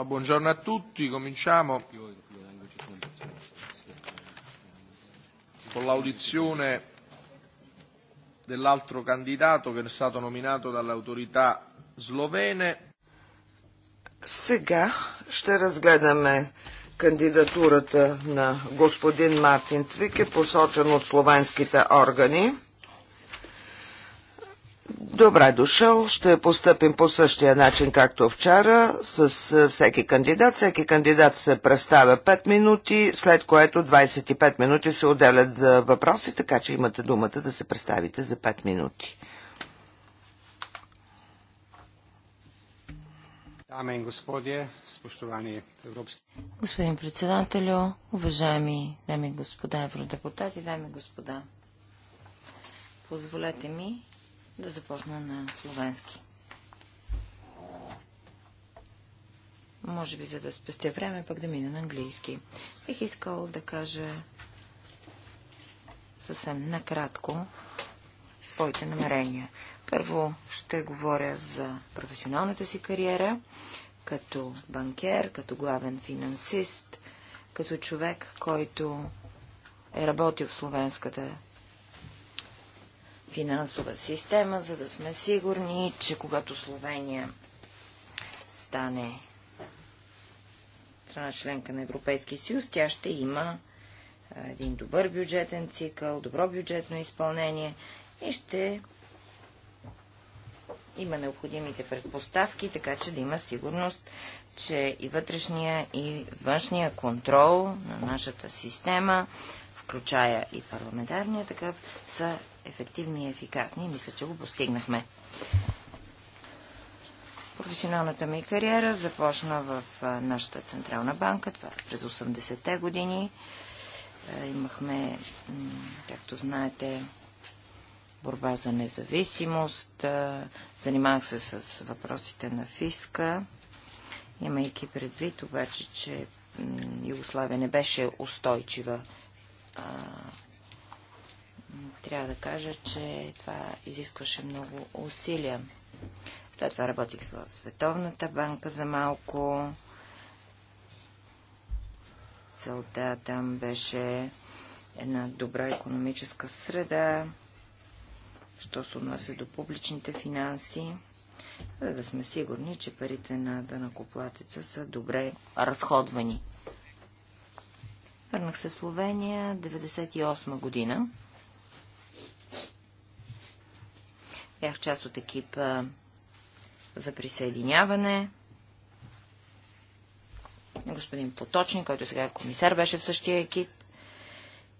Ma buongiorno a tutti, cominciamo con l'audizione dell'altro candidato che è stato nominato dalle autorità slovene. Сега ще разгледаме кандидатурата на господин Мартин Цвике, посочен от словенските органи. Добре дошъл. Ще постъпим по същия начин, както вчера, с е, всеки кандидат. Всеки кандидат се представя 5 минути, след което 25 минути се отделят за въпроси, така че имате думата да се представите за 5 минути. Господин председателю, уважаеми дами и господа евродепутати, дами и господа, позволете ми да започна на словенски. Може би, за да спестя време, пък да мина на английски. Бих искал да кажа съвсем накратко своите намерения. Първо ще говоря за професионалната си кариера, като банкер, като главен финансист, като човек, който е работил в Словенската финансова система, за да сме сигурни, че когато Словения стане страна членка на Европейски съюз, тя ще има един добър бюджетен цикъл, добро бюджетно изпълнение и ще има необходимите предпоставки, така че да има сигурност, че и вътрешния, и външния контрол на нашата система включая и парламентарния такъв, са ефективни и ефикасни и мисля, че го постигнахме. Професионалната ми кариера започна в нашата Централна банка, това е през 80-те години. Е, имахме, както знаете, борба за независимост. Е, занимавах се с въпросите на фиска, имайки предвид обаче, че Югославия не беше устойчива а, трябва да кажа, че това изискваше много усилия. След това работих в Световната банка за малко. Целта там беше една добра економическа среда, що се отнася до публичните финанси, за да сме сигурни, че парите на данакоплатеца са добре разходвани. Върнах се в Словения 98 година. Бях част от екипа за присъединяване. Господин Поточник, който сега е комисар, беше в същия екип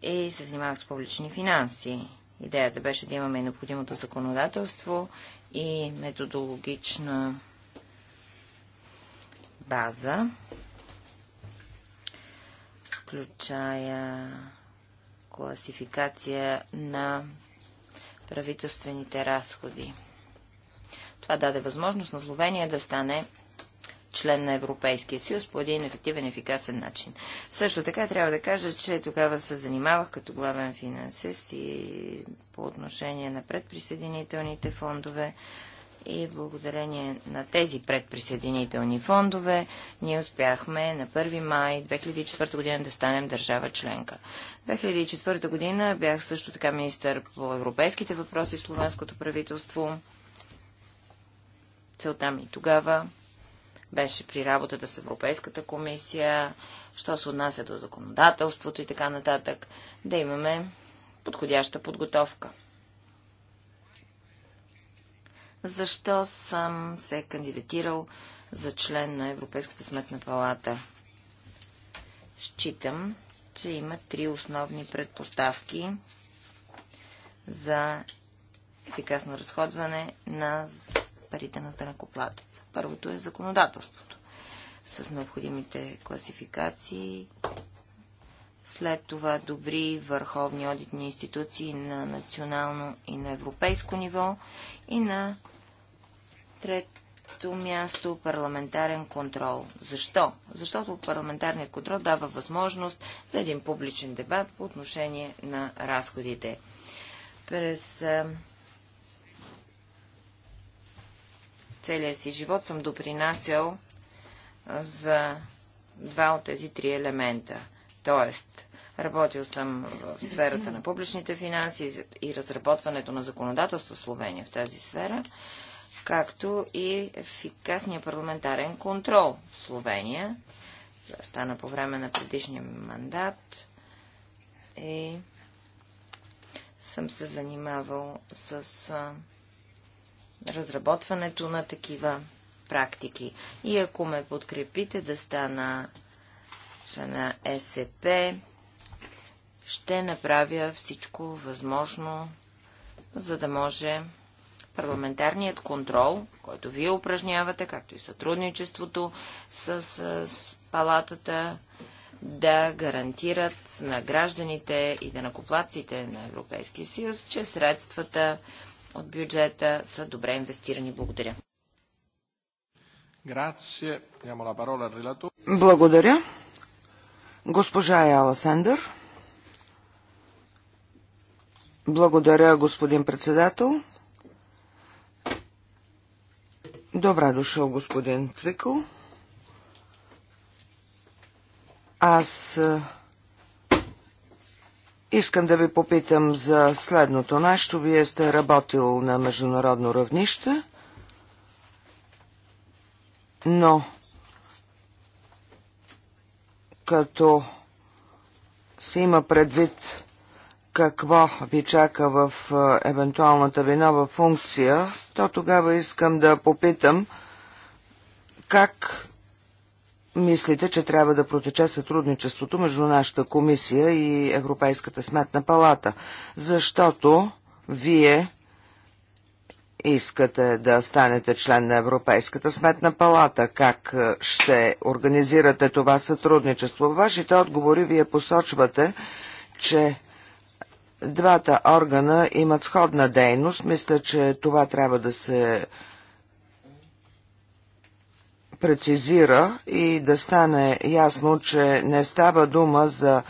и се занимавах с публични финанси. Идеята беше да имаме необходимото законодателство и методологична база, включая класификация на правителствените разходи. Това даде възможност на Словения да стане член на Европейския съюз по един ефективен, ефикасен начин. Също така трябва да кажа, че тогава се занимавах като главен финансист и по отношение на предприсъединителните фондове, и благодарение на тези предприсъединителни фондове ние успяхме на 1 май 2004 година да станем държава членка. 2004 година бях също така министър по европейските въпроси в словенското правителство. Целта ми тогава беше при работата с Европейската комисия, що се отнася до законодателството и така нататък, да имаме подходяща подготовка защо съм се кандидатирал за член на Европейската сметна палата. Считам, че има три основни предпоставки за ефикасно разходване на парите на тънакоплатеца. Първото е законодателството с необходимите класификации, след това добри върховни одитни институции на национално и на европейско ниво и на Трето място – парламентарен контрол. Защо? Защото парламентарният контрол дава възможност за един публичен дебат по отношение на разходите. През целия си живот съм допринасял за два от тези три елемента. Тоест, работил съм в сферата на публичните финанси и разработването на законодателство в Словения в тази сфера както и ефикасния парламентарен контрол в Словения. Това стана по време на предишния мандат и е, съм се занимавал с разработването на такива практики. И ако ме подкрепите да стана на СП, ще направя всичко възможно, за да може парламентарният контрол, който вие упражнявате, както и сътрудничеството с, с, палатата, да гарантират на гражданите и данакоплаците на Европейския съюз, че средствата от бюджета са добре инвестирани. Благодаря. Благодаря. Госпожа Яла Сендър. Благодаря, господин председател. Добре дошъл, господин Цвикъл. Аз искам да ви попитам за следното нещо. Вие сте работил на международно равнище, но като се има предвид какво ви чака в евентуалната ви нова функция, то тогава искам да попитам как мислите, че трябва да протече сътрудничеството между нашата комисия и Европейската сметна палата, защото вие искате да станете член на Европейската сметна палата, как ще организирате това сътрудничество? В вашите отговори вие посочвате, че Двата органа имат сходна дейност. Мисля, че това трябва да се прецизира и да стане ясно, че не става дума за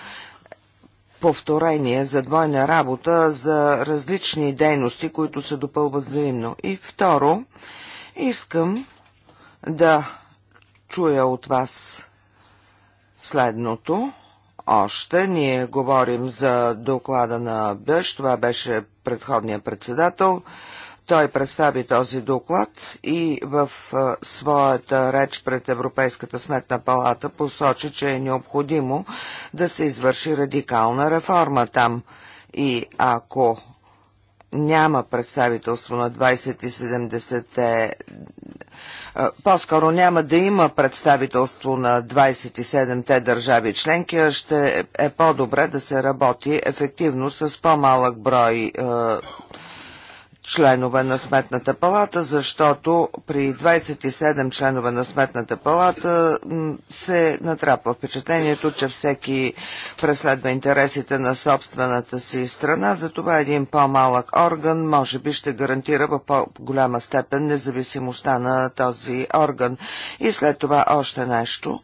повторение, за двойна работа, за различни дейности, които се допълват взаимно. И второ, искам да чуя от вас следното още. Ние говорим за доклада на Беш, това беше предходния председател. Той представи този доклад и в своята реч пред Европейската сметна палата посочи, че е необходимо да се извърши радикална реформа там. И ако няма представителство на 2070-те по-скоро няма да има представителство на 27-те държави членки, а ще е, е по-добре да се работи ефективно с по-малък брой членове на Сметната палата, защото при 27 членове на Сметната палата се натрапва впечатлението, че всеки преследва интересите на собствената си страна, затова един по-малък орган може би ще гарантира в по-голяма степен независимостта на този орган. И след това още нещо.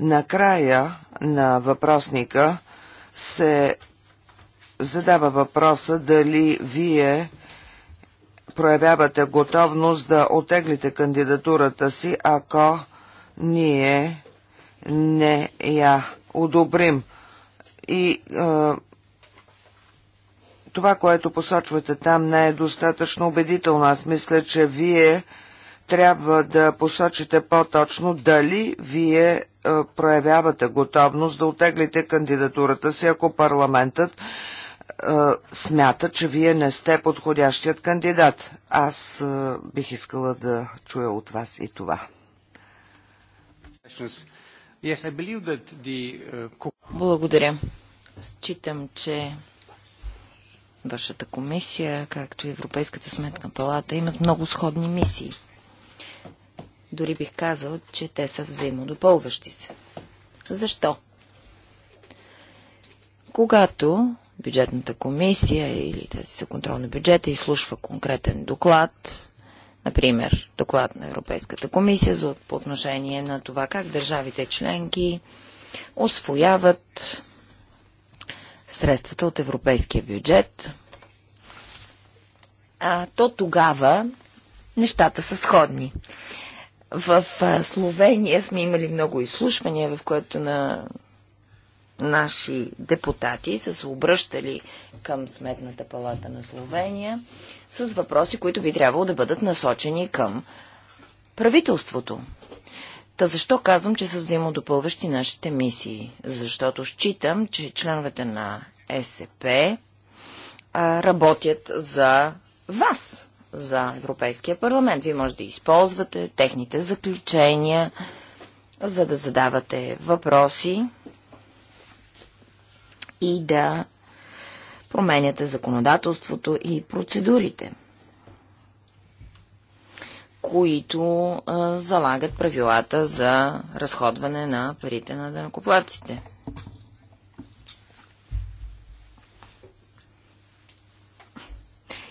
Накрая на въпросника се задава въпроса дали вие проявявате готовност да отеглите кандидатурата си, ако ние не я одобрим. И е, това, което посочвате там, не е достатъчно убедително. Аз мисля, че вие трябва да посочите по-точно дали вие проявявате готовност да отеглите кандидатурата си, ако парламентът смята, че вие не сте подходящият кандидат. Аз бих искала да чуя от вас и това. Uh, Благодаря. Считам, че вашата комисия, както и Европейската сметна палата, имат много сходни мисии. Дори бих казал, че те са взаимодопълващи се. Защо? Когато бюджетната комисия или тази за контрол на бюджета изслушва конкретен доклад, например доклад на Европейската комисия за, по отношение на това как държавите членки освояват средствата от европейския бюджет. А, то тогава нещата са сходни. В Словения сме имали много изслушвания, в което на наши депутати са се обръщали към Сметната палата на Словения с въпроси, които би трябвало да бъдат насочени към правителството. Та защо казвам, че са взаимодопълващи нашите мисии? Защото считам, че членовете на СЕП а, работят за вас, за Европейския парламент. Вие може да използвате техните заключения, за да задавате въпроси и да променяте законодателството и процедурите, които а, залагат правилата за разходване на парите на данакоплаците.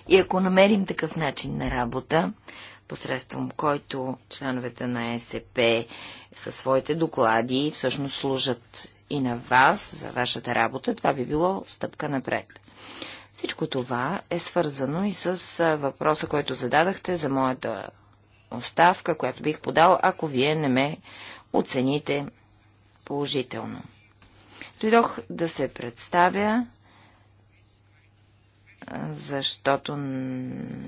И ако намерим такъв начин на работа, посредством който членовете на СП със своите доклади всъщност служат и на вас за вашата работа, това би било стъпка напред. Всичко това е свързано и с въпроса, който зададахте за моята оставка, която бих подал, ако вие не ме оцените положително. Дойдох да се представя, защото,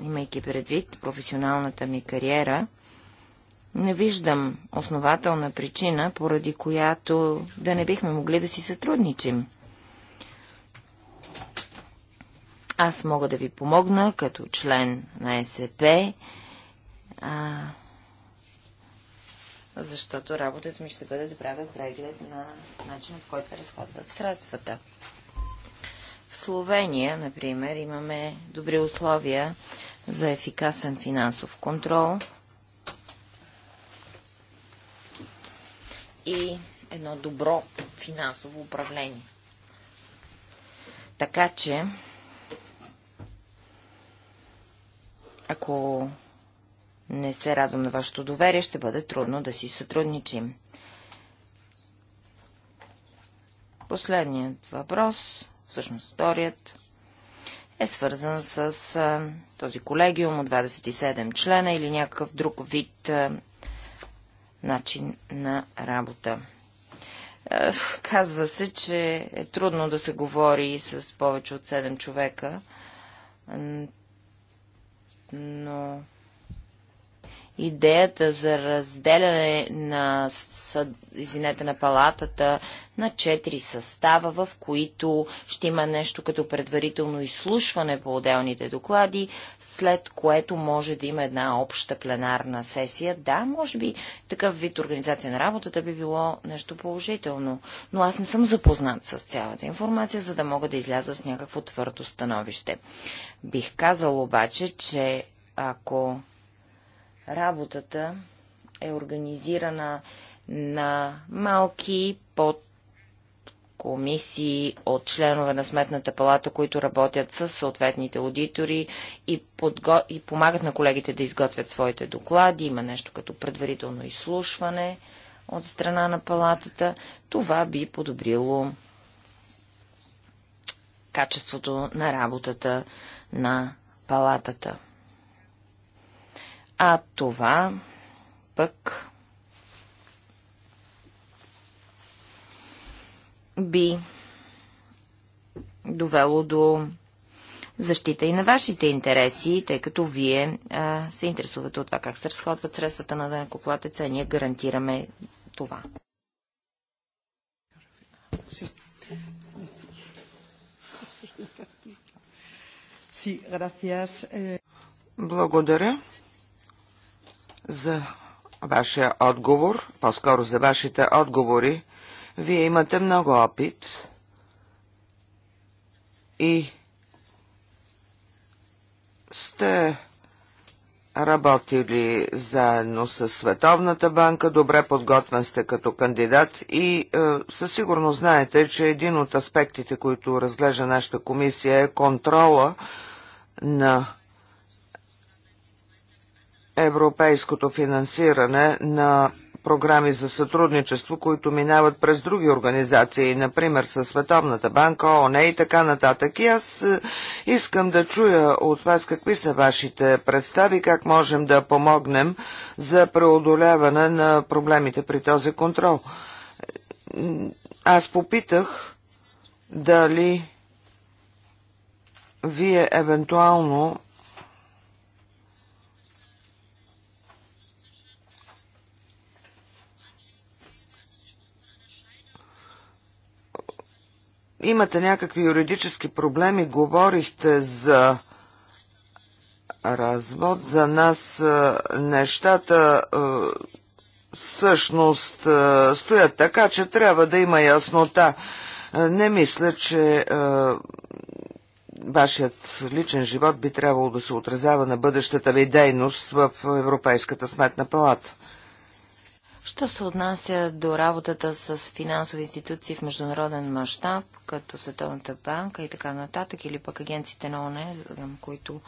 имайки предвид професионалната ми кариера, не виждам основателна причина, поради която да не бихме могли да си сътрудничим. Аз мога да ви помогна като член на СП, а, защото работата ми ще бъде да правя преглед на начина, по който се разходват средствата. В Словения, например, имаме добри условия за ефикасен финансов контрол – и едно добро финансово управление. Така че, ако не се радвам на вашето доверие, ще бъде трудно да си сътрудничим. Последният въпрос, всъщност вторият, е свързан с този колегиум от 27 члена или някакъв друг вид начин на работа. Е, казва се, че е трудно да се говори с повече от 7 човека, но идеята за разделяне на, съд, извинете, на палатата на четири състава, в които ще има нещо като предварително изслушване по отделните доклади, след което може да има една обща пленарна сесия. Да, може би такъв вид организация на работата би било нещо положително, но аз не съм запознат с цялата информация, за да мога да изляза с някакво твърдо становище. Бих казал обаче, че ако Работата е организирана на малки под комисии от членове на Сметната палата, които работят с съответните аудитори и, подго... и помагат на колегите да изготвят своите доклади. Има нещо като предварително изслушване от страна на палатата. Това би подобрило качеството на работата на палатата. А това пък би довело до защита и на вашите интереси, тъй като вие а, се интересувате от това как се разходват средствата на дънкоплатеца, а ние гарантираме това. Eh. Благодаря за вашия отговор, по-скоро за вашите отговори. Вие имате много опит и сте работили заедно с Световната банка, добре подготвен сте като кандидат и е, със сигурност знаете, че един от аспектите, които разглежда нашата комисия е контрола на европейското финансиране на програми за сътрудничество, които минават през други организации, например със Световната банка, ООН и така нататък. И аз е, искам да чуя от вас какви са вашите представи, как можем да помогнем за преодоляване на проблемите при този контрол. Аз попитах дали вие евентуално имате някакви юридически проблеми, говорихте за развод. За нас нещата всъщност стоят така, че трябва да има яснота. Не мисля, че вашият личен живот би трябвало да се отразява на бъдещата ви дейност в Европейската сметна палата. Що се отнася до работата с финансови институции в международен мащаб, като Световната банка и така нататък, или пък агенциите на ОНЕ, които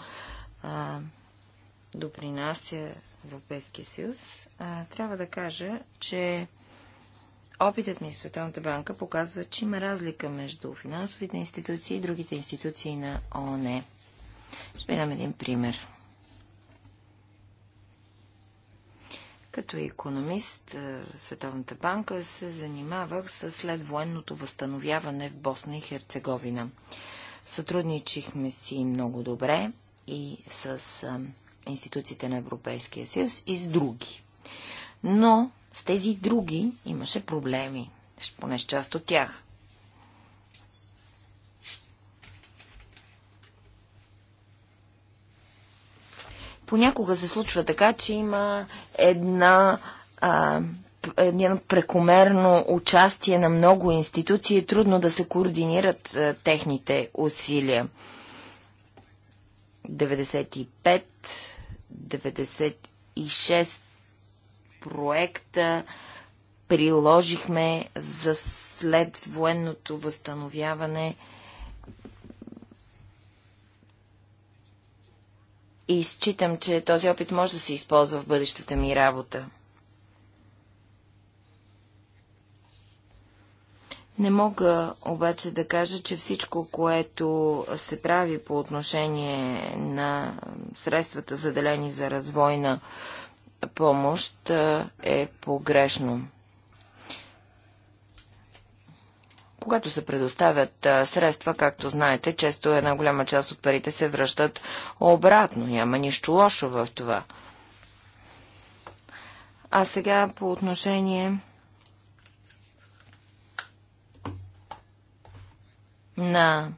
а, допринася Европейския съюз, а, трябва да кажа, че опитът ми в Световната банка показва, че има разлика между финансовите институции и другите институции на ООН. Ще ви дам един пример. Като економист, е, Световната банка се занимавах с следвоенното възстановяване в Босна и Херцеговина. Сътрудничихме си много добре и с е, институциите на Европейския съюз и с други. Но с тези други имаше проблеми, поне с част от тях. Понякога се случва така, че има една а, едно прекомерно участие на много институции е трудно да се координират а, техните усилия. 95, 96 проекта приложихме за след военното възстановяване и считам, че този опит може да се използва в бъдещата ми работа. Не мога обаче да кажа, че всичко, което се прави по отношение на средствата заделени за развойна помощ е погрешно. Когато се предоставят средства, както знаете, често една голяма част от парите се връщат обратно. Няма нищо лошо в това. А сега по отношение на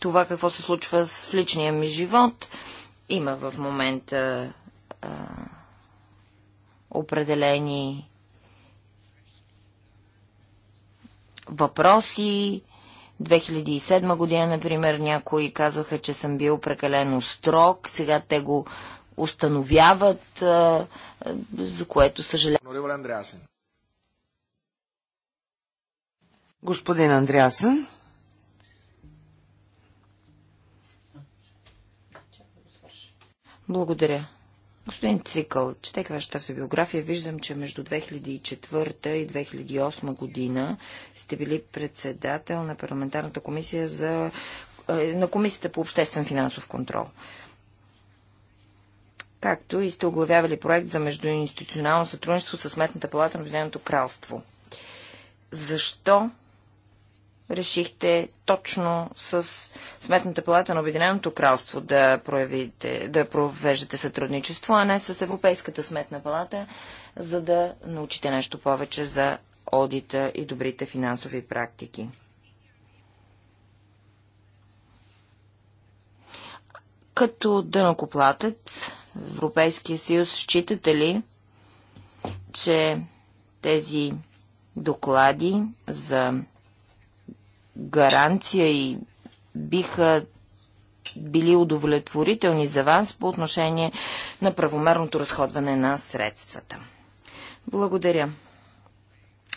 това какво се случва с личния ми живот. Има в момента а, определени въпроси. 2007 година, например, някои казваха, че съм бил прекалено строг. Сега те го установяват, за което съжалявам. Господин Андреасен. Благодаря. Господин Цвикъл, четейки вашата автобиография, виждам, че между 2004 и 2008 година сте били председател на парламентарната комисия за, е, на комисията по обществен финансов контрол. Както и сте оглавявали проект за междуинституционално сътрудничество с Сметната палата на Обединеното кралство. Защо решихте точно с Сметната палата на Обединеното кралство да, проявите, да провеждате сътрудничество, а не с Европейската сметна палата, за да научите нещо повече за одита и добрите финансови практики. Като дънокоплатец, в Европейския съюз, считате ли, че тези доклади за гаранция и биха били удовлетворителни за вас по отношение на правомерното разходване на средствата. Благодаря.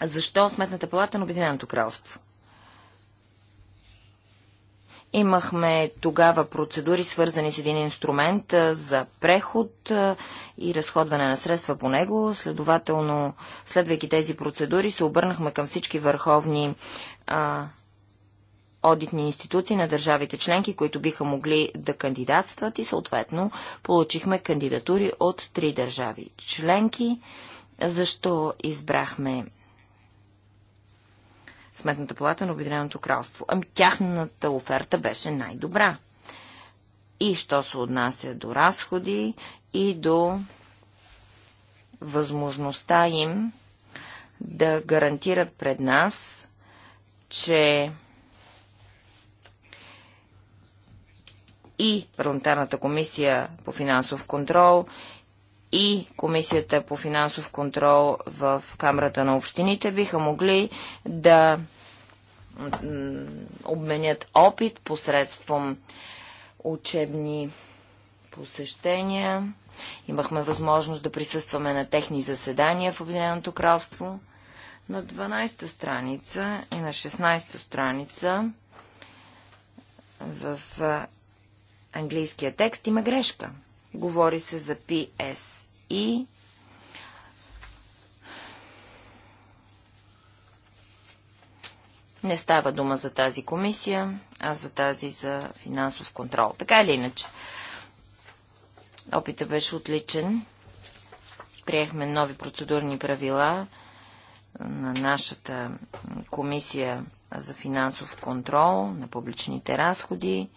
Защо Сметната палата на Обединеното кралство? Имахме тогава процедури, свързани с един инструмент за преход и разходване на средства по него. Следователно, следвайки тези процедури, се обърнахме към всички върховни а, одитни институции на държавите членки, които биха могли да кандидатстват и съответно получихме кандидатури от три държави членки. Защо избрахме Сметната палата на Обединеното кралство? Ами тяхната оферта беше най-добра. И що се отнася до разходи и до възможността им да гарантират пред нас, че и парламентарната комисия по финансов контрол и комисията по финансов контрол в Камерата на общините биха могли да обменят опит посредством учебни посещения. Имахме възможност да присъстваме на техни заседания в Обединеното кралство. На 12-та страница и на 16-та страница в английския текст има грешка. Говори се за PSI. E. Не става дума за тази комисия, а за тази за финансов контрол. Така или иначе. Опита беше отличен. Приехме нови процедурни правила на нашата комисия за финансов контрол, на публичните разходи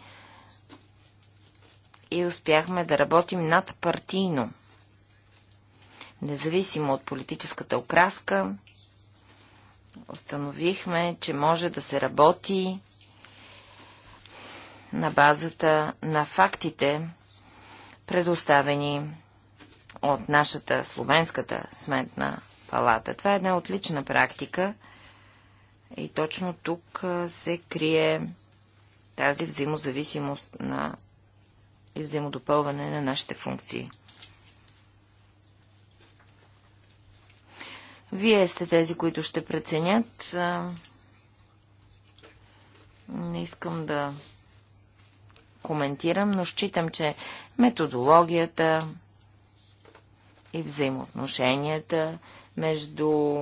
и успяхме да работим надпартийно. Независимо от политическата окраска, установихме, че може да се работи на базата на фактите, предоставени от нашата словенската сметна палата. Това е една отлична практика и точно тук се крие тази взаимозависимост на и взаимодопълване на нашите функции. Вие сте тези, които ще преценят. Не искам да коментирам, но считам, че методологията и взаимоотношенията между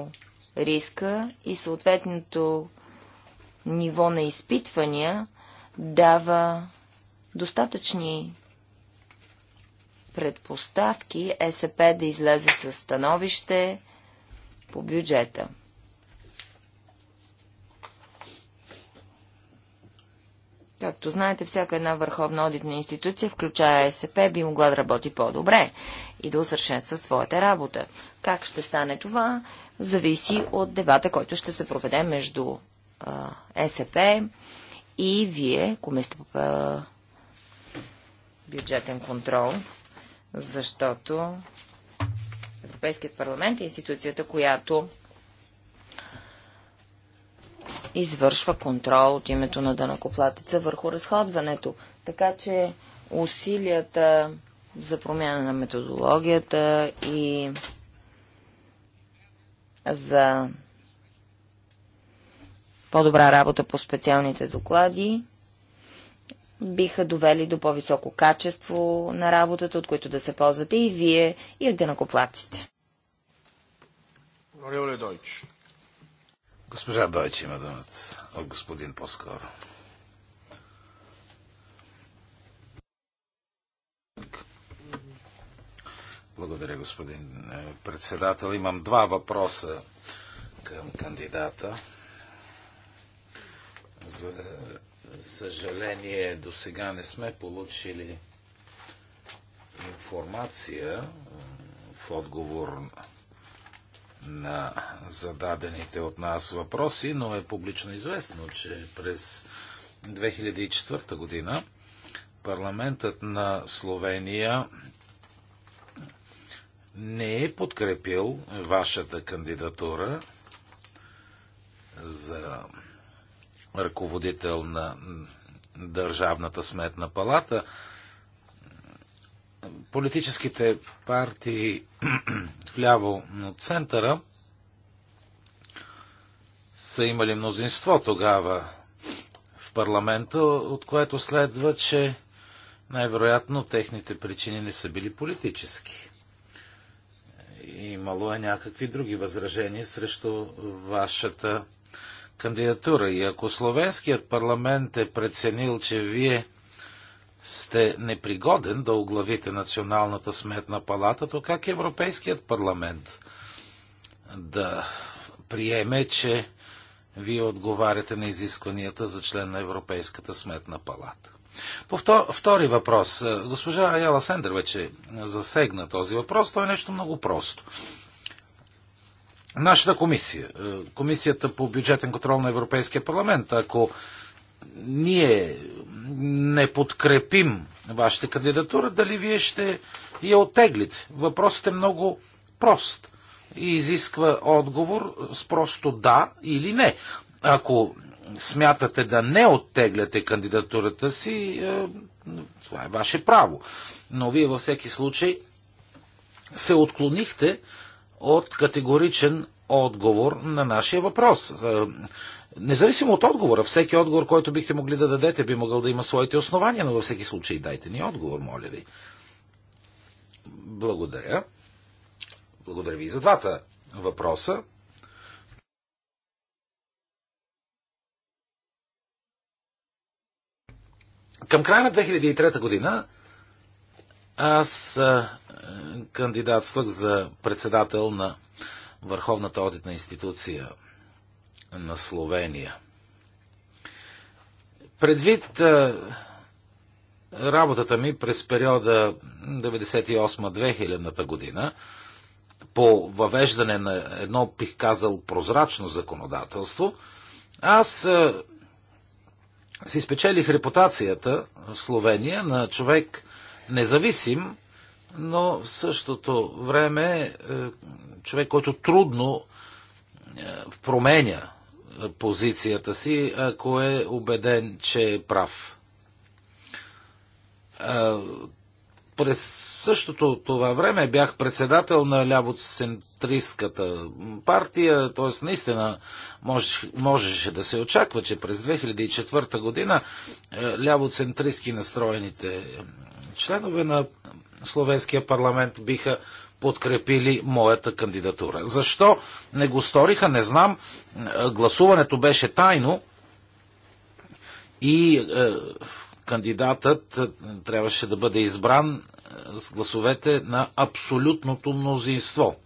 риска и съответното ниво на изпитвания дава достатъчни предпоставки СП да излезе с становище по бюджета. Както знаете, всяка една върховна одитна институция, включая СП, би могла да работи по-добре и да усъвършенства своята работа. Как ще стане това, зависи от дебата, който ще се проведе между а, СП и вие, Комисията по бюджетен контрол защото Европейският парламент е институцията, която извършва контрол от името на дънакоплатеца върху разходването. Така че усилията за промяна на методологията и за по-добра работа по специалните доклади биха довели до по-високо качество на работата, от които да се ползвате и вие, и денакоплаците. Госпожа Дойч има думата от господин по-скоро. Благодаря, господин е, председател. Имам два въпроса към кандидата за съжаление до сега не сме получили информация в отговор на зададените от нас въпроси, но е публично известно, че през 2004 година парламентът на Словения не е подкрепил вашата кандидатура за ръководител на Държавната сметна палата. Политическите партии вляво от центъра са имали мнозинство тогава в парламента, от което следва, че най-вероятно техните причини не са били политически. Имало е някакви други възражения срещу вашата кандидатура. И ако Словенският парламент е преценил, че вие сте непригоден да оглавите Националната сметна палата, то как Европейският парламент да приеме, че вие отговаряте на изискванията за член на Европейската сметна палата? По втори въпрос. Госпожа Аяла Сендер вече засегна този въпрос. Той е нещо много просто нашата комисия, е, комисията по бюджетен контрол на Европейския парламент, ако ние не подкрепим вашата кандидатура, дали вие ще я отеглите? Въпросът е много прост и изисква отговор с просто да или не. Ако смятате да не оттегляте кандидатурата си, е, това е ваше право. Но вие във всеки случай се отклонихте от категоричен отговор на нашия въпрос. Е, независимо от отговора, всеки отговор, който бихте могли да дадете, би могъл да има своите основания, но във всеки случай дайте ни отговор, моля ви. Благодаря. Благодаря ви и за двата въпроса. Към края на 2003 година аз е, кандидатствах за председател на Върховната одитна институция на Словения. Предвид работата ми през периода 98-2000 година по въвеждане на едно, бих казал, прозрачно законодателство, аз си спечелих репутацията в Словения на човек, независим, но в същото време е, човек, който трудно е, променя е, позицията си, ако е убеден, че е прав. През същото това време бях председател на лявоцентристската партия, т.е. наистина можеше, можеше да се очаква, че през 2004 година лявоцентристски настроените членове на Словенския парламент биха подкрепили моята кандидатура. Защо не го сториха, не знам. Гласуването беше тайно и е, кандидатът е, трябваше да бъде избран е, с гласовете на абсолютното мнозинство.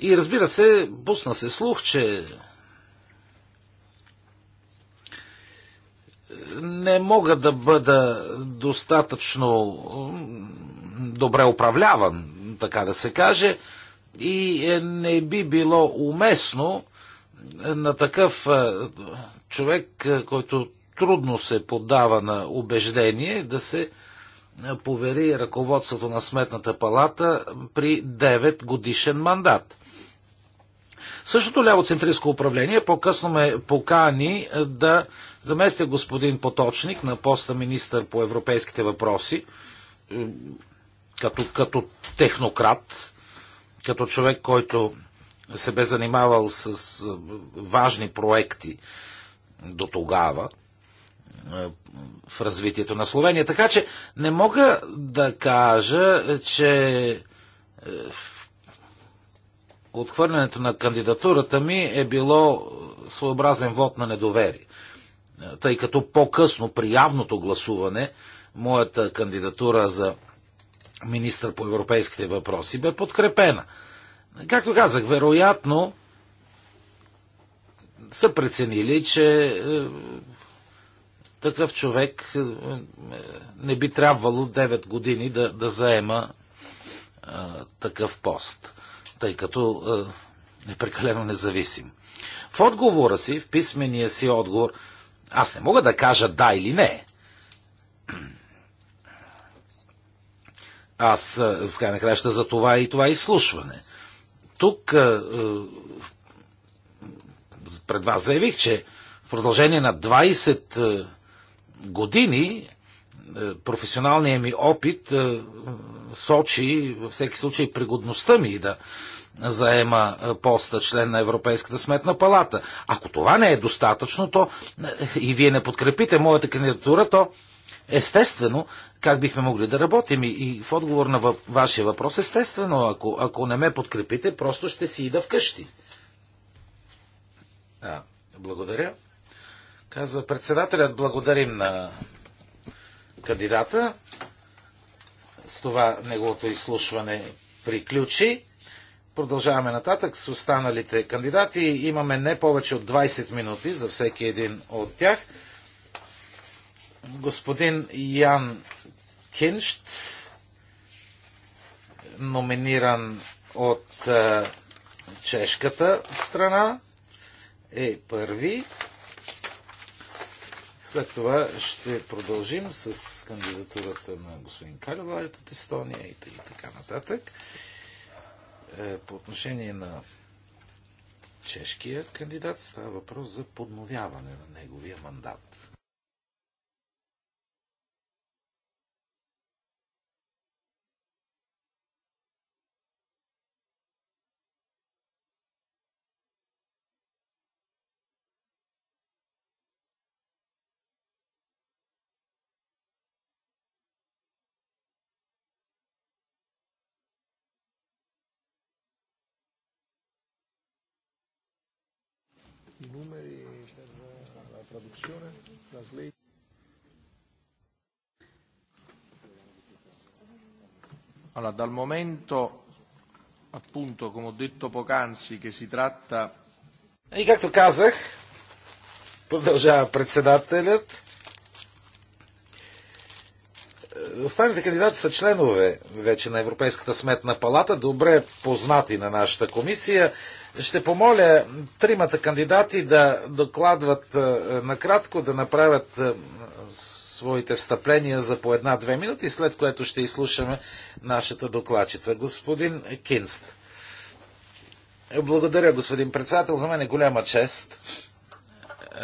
И разбира се, пусна се слух, че не мога да бъда достатъчно добре управляван, така да се каже, и е, не би било уместно е, на такъв е, човек, който трудно се поддава на убеждение, да се повери ръководството на Сметната палата при 9 годишен мандат. Същото лявоцентристско управление по-късно ме покани да заместя господин Поточник на поста министър по европейските въпроси, като, като технократ, като човек, който се бе занимавал с важни проекти до тогава в развитието на Словения. Така че не мога да кажа, че е, отхвърлянето на кандидатурата ми е било своеобразен вод на недоверие тъй като по-късно при явното гласуване моята кандидатура за министър по европейските въпроси бе подкрепена. Както казах, вероятно са преценили, че е, такъв човек е, не би трябвало 9 години да, да заема а, е, такъв пост, тъй като е прекалено независим. В отговора си, в писмения си отговор, аз не мога да кажа да или не. Аз в край на краща за това и това изслушване. Тук пред вас заявих, че в продължение на 20 години професионалният ми опит сочи във всеки случай пригодността ми да, заема е, поста член на Европейската сметна палата. Ако това не е достатъчно, то е, и вие не подкрепите моята кандидатура, то естествено, как бихме могли да работим и, и в отговор на въп, вашия въпрос, естествено, ако, ако не ме подкрепите, просто ще си ида вкъщи. А, благодаря. Казва председателят, благодарим на кандидата. С това неговото изслушване приключи. Продължаваме нататък с останалите кандидати. Имаме не повече от 20 минути за всеки един от тях. Господин Ян Кинщ, номиниран от е, чешката страна, е първи. След това ще продължим с кандидатурата на господин Калевалет от Естония и така нататък. Е, по отношение на чешкия кандидат става въпрос за подновяване на неговия мандат. numeri per la traduzione, translate. Allora, dal momento, appunto, come ho detto poc'anzi, che si tratta... E come както казах, продължава председателят, Останалите кандидати са членове вече на Европейската сметна палата, добре познати на нашата комисия. Ще помоля тримата кандидати да докладват е, накратко, да направят е, своите встъпления за по една-две минути, след което ще изслушаме нашата докладчица. Господин Кинст. Благодаря, господин председател. За мен е голяма чест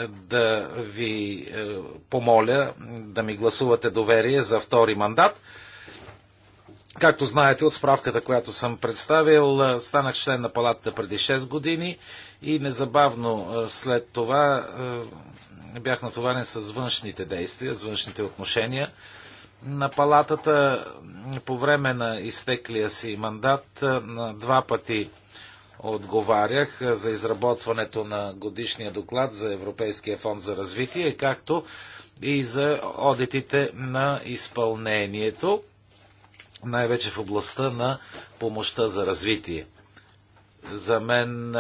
да ви е, помоля да ми гласувате доверие за втори мандат. Както знаете от справката, която съм представил, е, станах член на палатата преди 6 години и незабавно е, след това бях натоварен с външните действия, с външните отношения на палатата по време на изтеклия си мандат на два пъти отговарях за изработването на годишния доклад за Европейския фонд за развитие, както и за одитите на изпълнението, най-вече в областта на помощта за развитие. За мен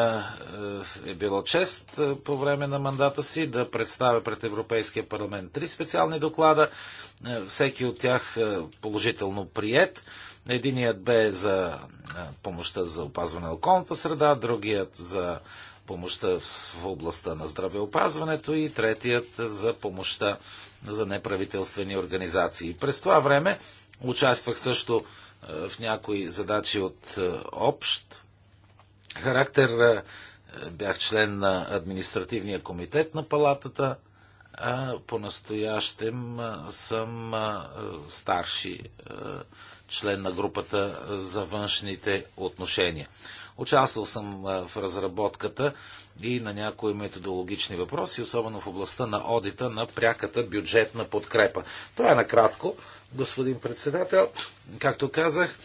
е било чест по време на мандата си да представя пред Европейския парламент три специални доклада, всеки от тях положително прият. Единият бе за помощта за опазване на околната среда, другият за помощта в областта на здравеопазването и третият за помощта за неправителствени организации. През това време участвах също в някои задачи от общ характер. Бях член на административния комитет на палатата. По-настоящем съм старши член на групата за външните отношения. Участвал съм в разработката и на някои методологични въпроси, особено в областта на одита на пряката бюджетна подкрепа. Това е накратко, господин председател. Както казах,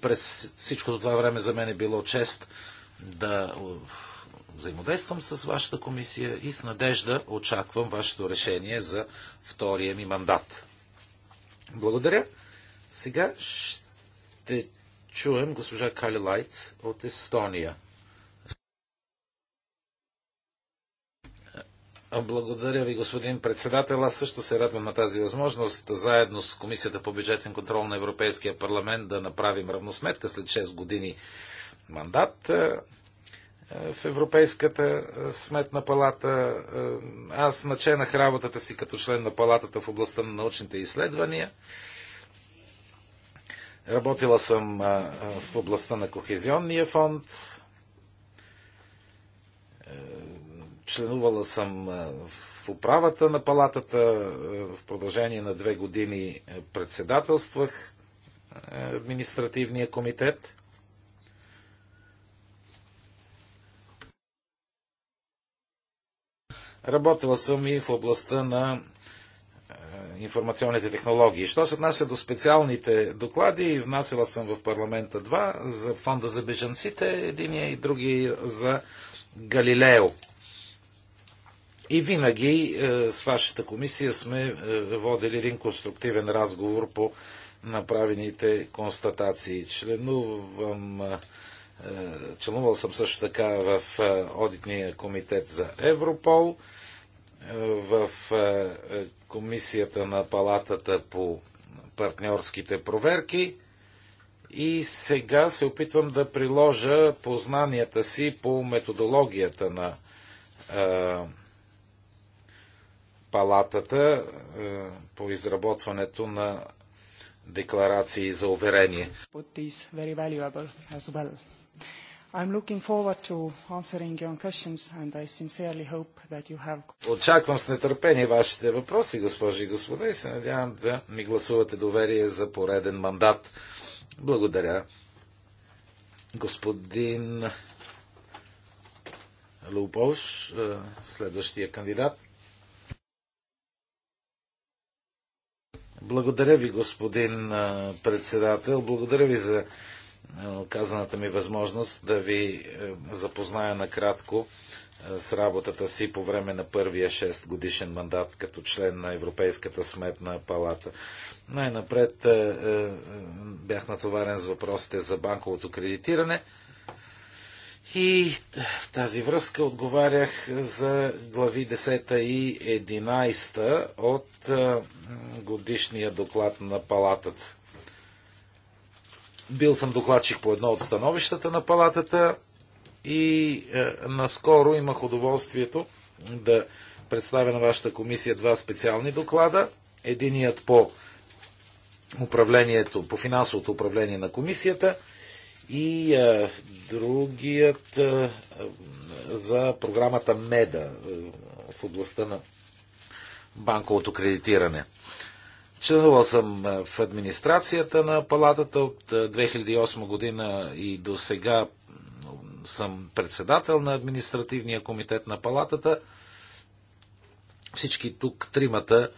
през всичкото това време за мен е било чест да взаимодействам с вашата комисия и с надежда очаквам вашето решение за втория ми мандат. Благодаря. Сега ще чуем госпожа Кали Лайт от Естония. Благодаря ви, господин председател. Аз също се радвам на тази възможност, заедно с Комисията по бюджетен контрол на Европейския парламент, да направим равносметка след 6 години мандат в Европейската сметна палата. Аз наченах работата си като член на палатата в областта на научните изследвания. Работила съм в областта на Кохезионния фонд. Е, членувала съм в управата на палатата. Е, в продължение на две години е, председателствах административния комитет. Работила съм и в областта на информационните технологии. Що се отнася до специалните доклади, внасяла съм в парламента два за фонда за бежанците, единия и други за Галилео. И винаги е, с вашата комисия сме е, водили един конструктивен разговор по направените констатации. Членувам, е, членувал съм също така в Одитния комитет за Европол в е, е, комисията на палатата по партньорските проверки и сега се опитвам да приложа познанията си по методологията на е, палатата по изработването на декларации за уверение. Well. Have... Очаквам с нетърпение вашите въпроси, госпожи и господа, и се надявам да ми гласувате доверие за пореден мандат. Благодаря. Господин Лубош, е, следващия кандидат. Благодаря ви, господин е, председател. Благодаря ви за е, казаната ми възможност да ви е, запозная накратко е, с работата си по време на първия 6 годишен мандат като член на Европейската сметна палата. Най-напред бях натоварен с въпросите за банковото кредитиране и в тази връзка отговарях за глави 10 и 11 от годишния доклад на палатата. Бил съм докладчик по едно от становищата на палатата и е, наскоро имах удоволствието да представя на вашата комисия два специални доклада. Единият по управлението, по финансовото управление на комисията и е, другият е, за програмата МЕДА е, в областта на банковото кредитиране. Членувал съм е, в администрацията на палатата от 2008 е, година и до сега съм председател на административния комитет на палатата. Всички тук тримата,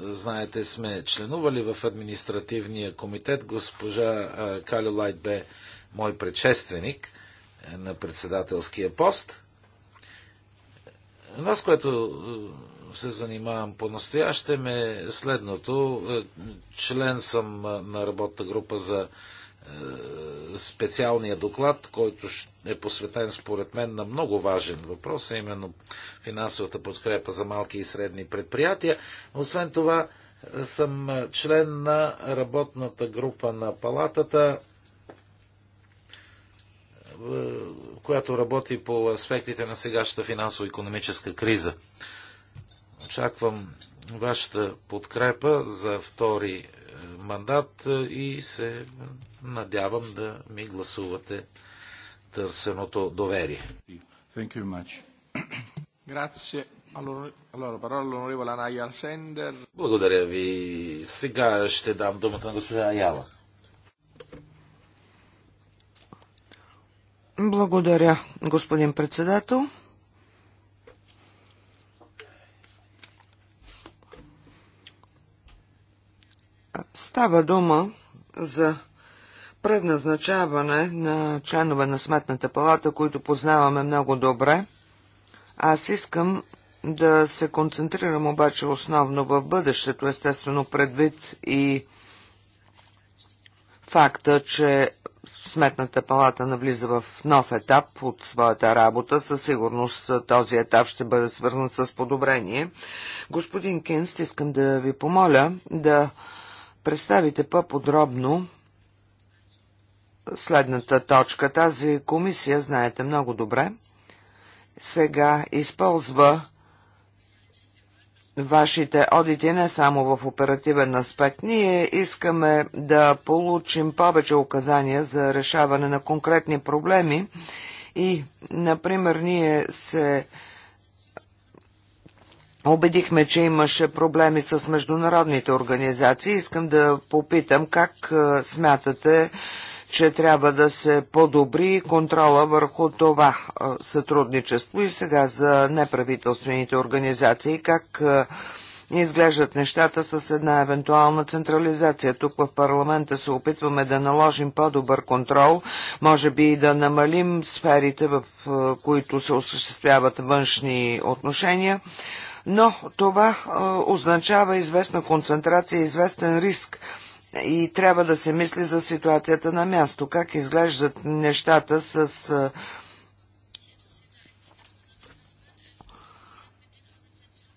е, знаете, сме членували в административния комитет. Госпожа Калю Лайт бе мой предшественик на председателския пост. Нас, което се занимавам по-настоящем е следното. Е, член съм е, на работната група за е, специалния доклад, който е посветен според мен на много важен въпрос, а именно финансовата подкрепа за малки и средни предприятия. Освен това, съм член на работната група на палатата, която работи по аспектите на сегашната финансово-економическа криза. Очаквам вашата подкрепа за втори е, мандат е, и се надявам да ми гласувате търсеното доверие. Благодаря ви. Сега ще дам думата на госпожа Аяла. Благодаря, господин председател. Става дума за предназначаване на членове на Сметната палата, които познаваме много добре. Аз искам да се концентрирам обаче основно в бъдещето, естествено предвид и факта, че Сметната палата навлиза в нов етап от своята работа. Със сигурност този етап ще бъде свързан с подобрение. Господин Кинст, искам да ви помоля да представите по-подробно следната точка. Тази комисия, знаете много добре, сега използва вашите одити не само в оперативен аспект. Ние искаме да получим повече указания за решаване на конкретни проблеми и, например, ние се Обедихме, че имаше проблеми с международните организации. Искам да попитам как смятате, че трябва да се подобри контрола върху това сътрудничество и сега за неправителствените организации. Как изглеждат нещата с една евентуална централизация. Тук в парламента се опитваме да наложим по-добър контрол, може би и да намалим сферите, в които се осъществяват външни отношения но това е, означава известна концентрация, известен риск и трябва да се мисли за ситуацията на място, как изглеждат нещата с е,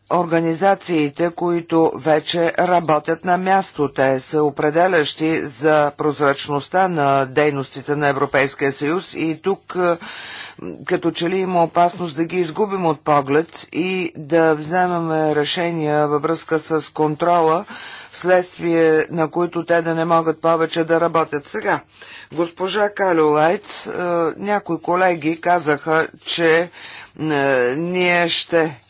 организациите, които вече работят на място. Те са определящи за прозрачността на дейностите на Европейския съюз и тук е, като че ли има опасност да ги изгубим от поглед и да вземаме решения във връзка с контрола, следствие на които те да не могат повече да работят. Сега, госпожа Калюлайт, е, някои колеги казаха, че е, ние ще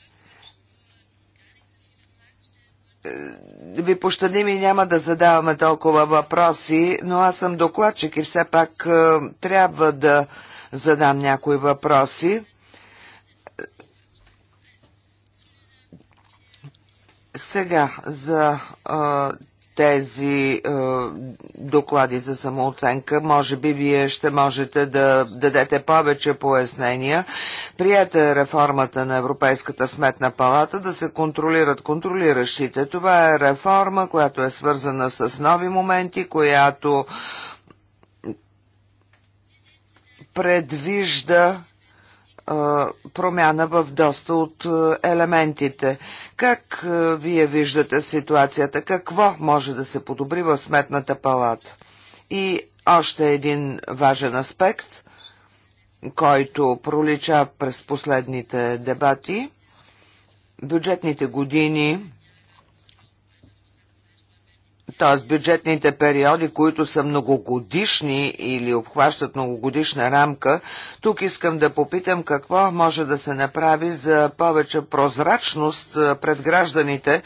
е, ви пощади ми няма да задаваме толкова въпроси, но аз съм докладчик и все пак е, трябва да задам някои въпроси. Сега за е, тези е, доклади за самооценка. Може би вие ще можете да дадете повече пояснения. Прията е реформата на Европейската сметна палата да се контролират контролиращите. Това е реформа, която е свързана с нови моменти, която предвижда промяна в доста от елементите. Как вие виждате ситуацията? Какво може да се подобри в сметната палата? И още един важен аспект, който пролича през последните дебати. Бюджетните години т.е. бюджетните периоди, които са многогодишни или обхващат многогодишна рамка, тук искам да попитам какво може да се направи за повече прозрачност пред гражданите,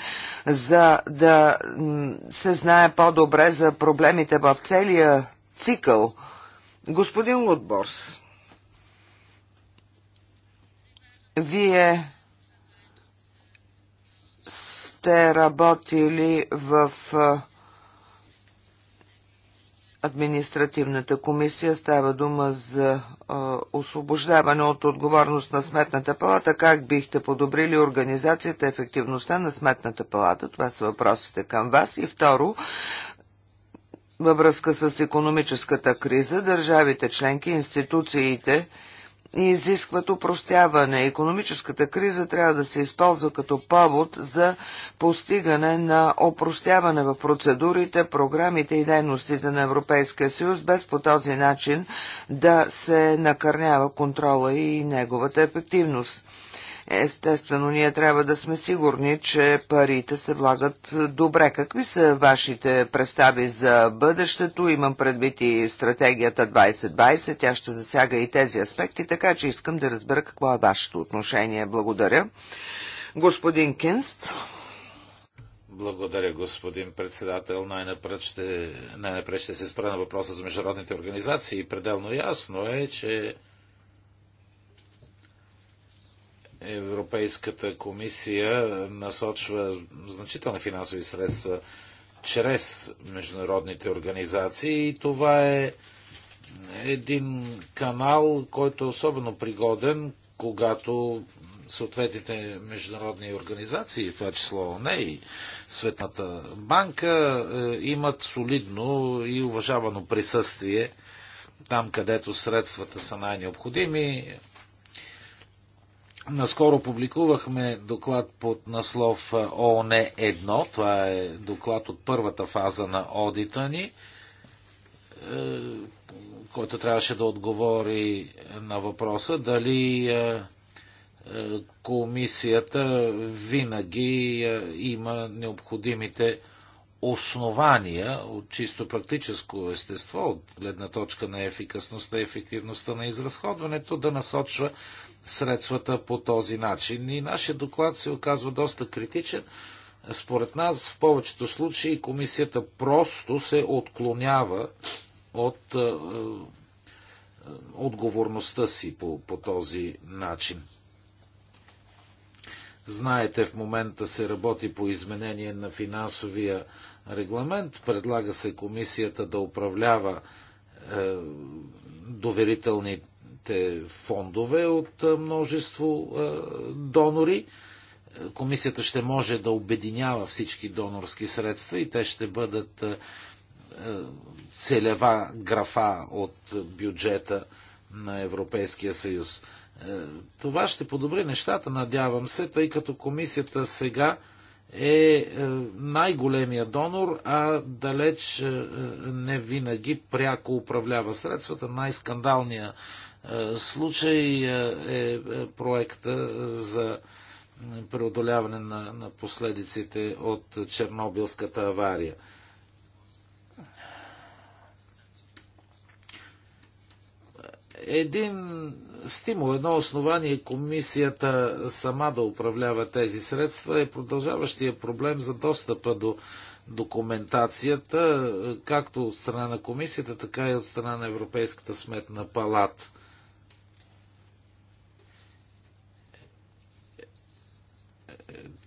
за да се знае по-добре за проблемите в целия цикъл. Господин Лутборс, вие сте работили в административната комисия става дума за а, освобождаване от отговорност на Сметната палата. Как бихте подобрили организацията, ефективността на Сметната палата? Това са въпросите към вас. И второ, във връзка с економическата криза, държавите членки, институциите, изискват упростяване. Економическата криза трябва да се използва като повод за постигане на опростяване в процедурите, програмите и дейностите на Европейския съюз, без по този начин да се накърнява контрола и неговата ефективност. Естествено, ние трябва да сме сигурни, че парите се влагат добре. Какви са вашите представи за бъдещето? Имам предвид и стратегията 2020. Тя ще засяга и тези аспекти, така че искам да разбера какво е вашето отношение. Благодаря. Господин Кинст. Благодаря, господин председател. Най-напред ще, най-напред ще се спра на въпроса за международните организации. Пределно ясно е, че Европейската комисия насочва значителни финансови средства чрез международните организации и това е един канал, който е особено пригоден, когато съответните международни организации, в това число не и Светната банка, е, имат солидно и уважавано присъствие там, където средствата са най-необходими, Наскоро публикувахме доклад под наслов ООН 1. Е Това е доклад от първата фаза на одита ни, е, който трябваше да отговори на въпроса дали е, комисията винаги има необходимите основания от чисто практическо естество, от гледна точка на ефикасността и ефективността на изразходването, да насочва средствата по този начин. И нашия доклад се оказва доста критичен. Според нас в повечето случаи комисията просто се отклонява от е, е, отговорността си по, по този начин. Знаете, в момента се работи по изменение на финансовия регламент. Предлага се комисията да управлява е, доверителни отделните фондове от множество донори. Комисията ще може да обединява всички донорски средства и те ще бъдат целева графа от бюджета на Европейския съюз. Е, това ще подобри нещата, надявам се, тъй като комисията сега е, е най-големия донор, а далеч е, не винаги пряко управлява средствата. Най-скандалният случай е, е проекта за преодоляване на, на последиците от Чернобилската авария. един стимул, едно основание комисията сама да управлява тези средства е продължаващия проблем за достъпа до документацията, както от страна на комисията, така и от страна на Европейската сметна палата.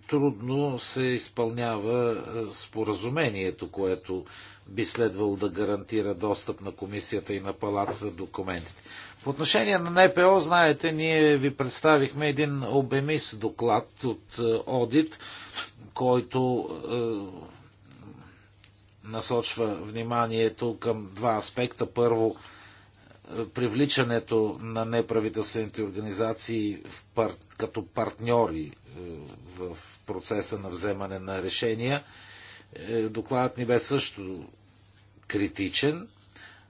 трудно се изпълнява е, споразумението, което би следвало да гарантира достъп на комисията и на палатата до документите. По отношение на НПО, знаете, ние ви представихме един обемис доклад от е, Одит, който е, насочва вниманието към два аспекта. Първо, е, привличането на неправителствените организации пар... като партньори в процеса на вземане на решения. Е, докладът ни бе също критичен.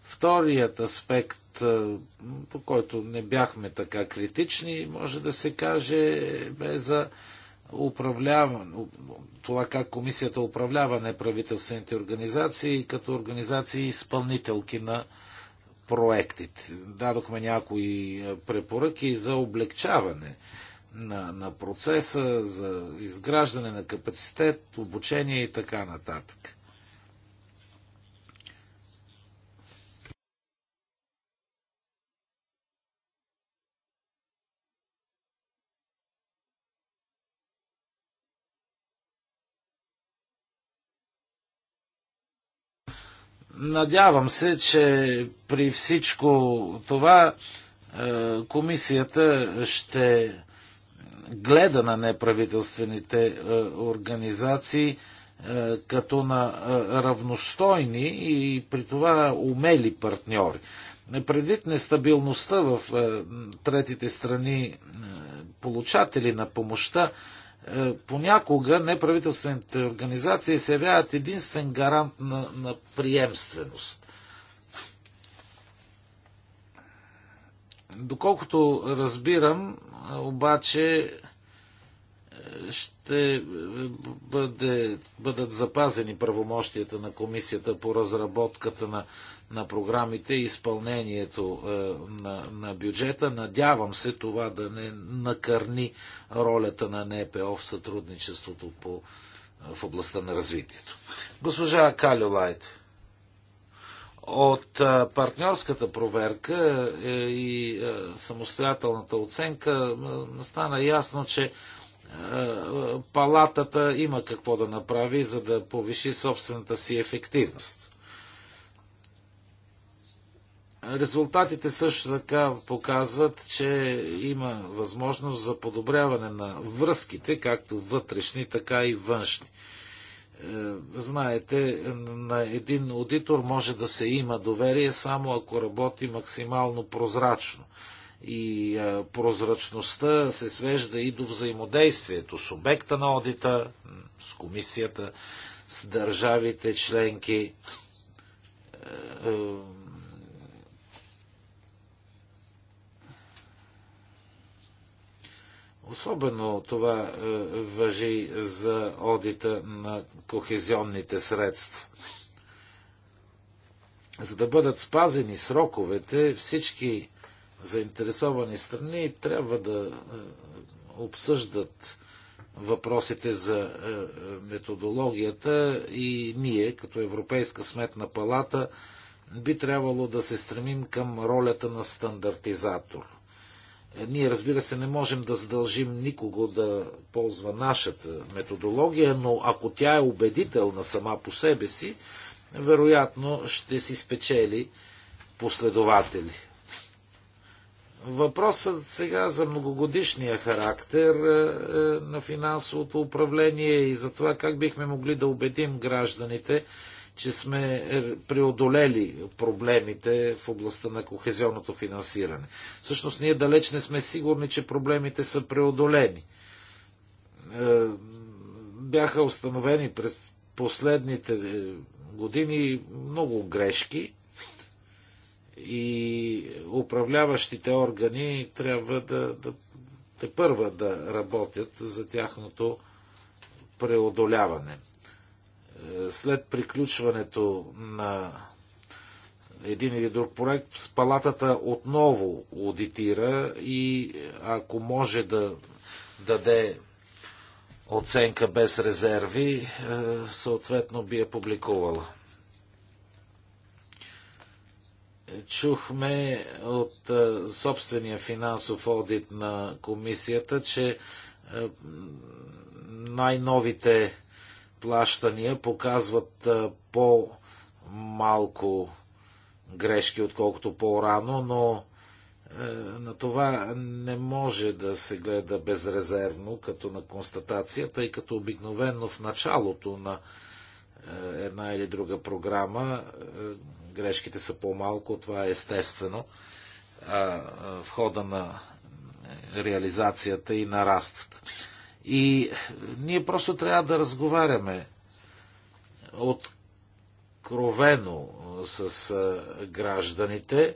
Вторият аспект, е, по който не бяхме така критични, може да се каже, бе за управляване, това как комисията управлява неправителствените организации като организации изпълнителки на проектите. Дадохме някои е, препоръки за облегчаване на, на процеса, за изграждане на капацитет, обучение и така нататък. Надявам се, че при всичко това е, комисията ще гледа на неправителствените е, организации е, като на е, равностойни и при това умели партньори. Предвид нестабилността в третите страни, получатели на помощта, понякога неправителствените организации се явяват единствен гарант на, на приемственост. Доколкото разбирам, обаче е, ще е, бъде, бъдат запазени правомощията на комисията по разработката на, на програмите и изпълнението е, на, на бюджета. Надявам се това да не накърни ролята на НПО в сътрудничеството по, е, в областта на развитието. Госпожа Калю Лайт от партньорската проверка е, и самостоятелната оценка стана ясно, че палатата има какво да направи, за да повиши собствената си ефективност. Резултатите също така показват, че има възможност за подобряване на връзките, както вътрешни, така и външни. Е, знаете, на един аудитор може да се има доверие само ако работи максимално прозрачно. И е, прозрачността се свежда и до взаимодействието с обекта на одита, с комисията, с държавите членки е, Особено това е, въжи за одита на кохезионните средства. За да бъдат спазени сроковете, всички заинтересовани страни трябва да е, обсъждат въпросите за е, методологията и ние, като Европейска сметна палата, би трябвало да се стремим към ролята на стандартизатор. Е, ние, разбира се, не можем да задължим никого да ползва нашата методология, но ако тя е убедителна сама по себе си, вероятно ще си спечели последователи. Въпросът сега за многогодишния характер е, е, на финансовото управление и за това как бихме могли да убедим гражданите, че сме преодолели проблемите в областта на кохезионното финансиране. Всъщност ние далеч не сме сигурни, че проблемите са преодолени. Е, бяха установени през последните е, години много грешки и управляващите органи трябва да, да те първа да работят за тяхното преодоляване след приключването на един или друг проект, спалатата отново аудитира и ако може да даде оценка без резерви, е, съответно би я публикувала. Чухме от е, собствения финансов одит на комисията, че е, най-новите плащания показват по-малко грешки, отколкото по-рано, но е, на това не може да се гледа безрезервно, като на констатация, тъй като обикновено в началото на е, една или друга програма е, грешките са по-малко, това е естествено. А в хода на реализацията и нарастват. И ние просто трябва да разговаряме откровено с гражданите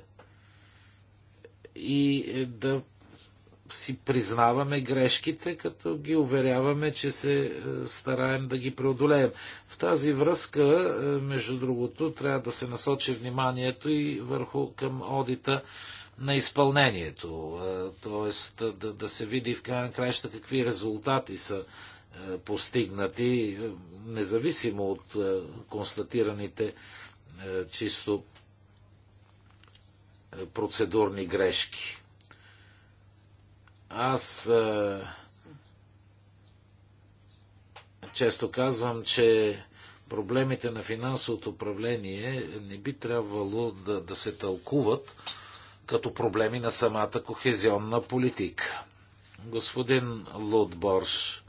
и е, да си признаваме грешките, като ги уверяваме, че се е, стараем да ги преодолеем. В тази връзка, е, между другото, трябва да се насочи вниманието и върху към одита на изпълнението. Е, тоест да, да се види в края на краища какви резултати са е, постигнати, е, независимо от констатираните чисто процедурни грешки. Аз често казвам, че проблемите на финансовото управление не би трябвало да, да се тълкуват като проблеми на самата кохезионна политика. Господин Лудборш,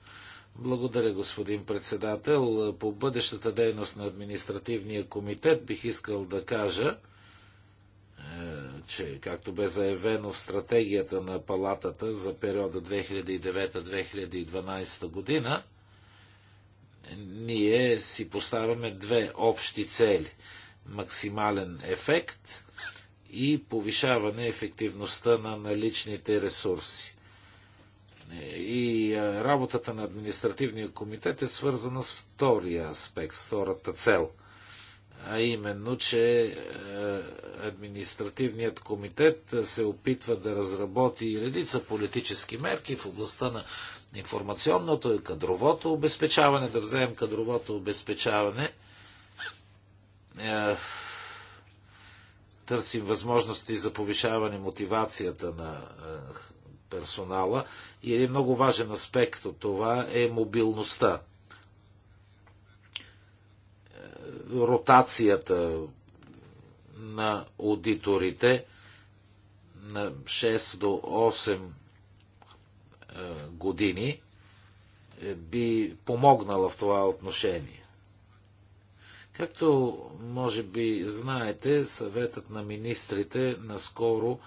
благодаря, господин председател. По бъдещата дейност на административния комитет бих искал да кажа, е, че, както бе заявено в стратегията на палатата за периода 2009-2012 година, ние си поставяме две общи цели. Максимален ефект – и повишаване ефективността на наличните ресурси. Е, и работата на административния комитет е свързана с втория аспект, с втората цел – а именно, че е, административният комитет се опитва да разработи редица политически мерки в областта на информационното и кадровото обезпечаване, да вземем кадровото обезпечаване. Е, търсим възможности за повишаване мотивацията на е, персонала. И един много важен аспект от това е мобилността. Е, ротацията на аудиторите на 6 до 8 е, години би помогнала в това отношение. Както може би знаете, съветът на министрите наскоро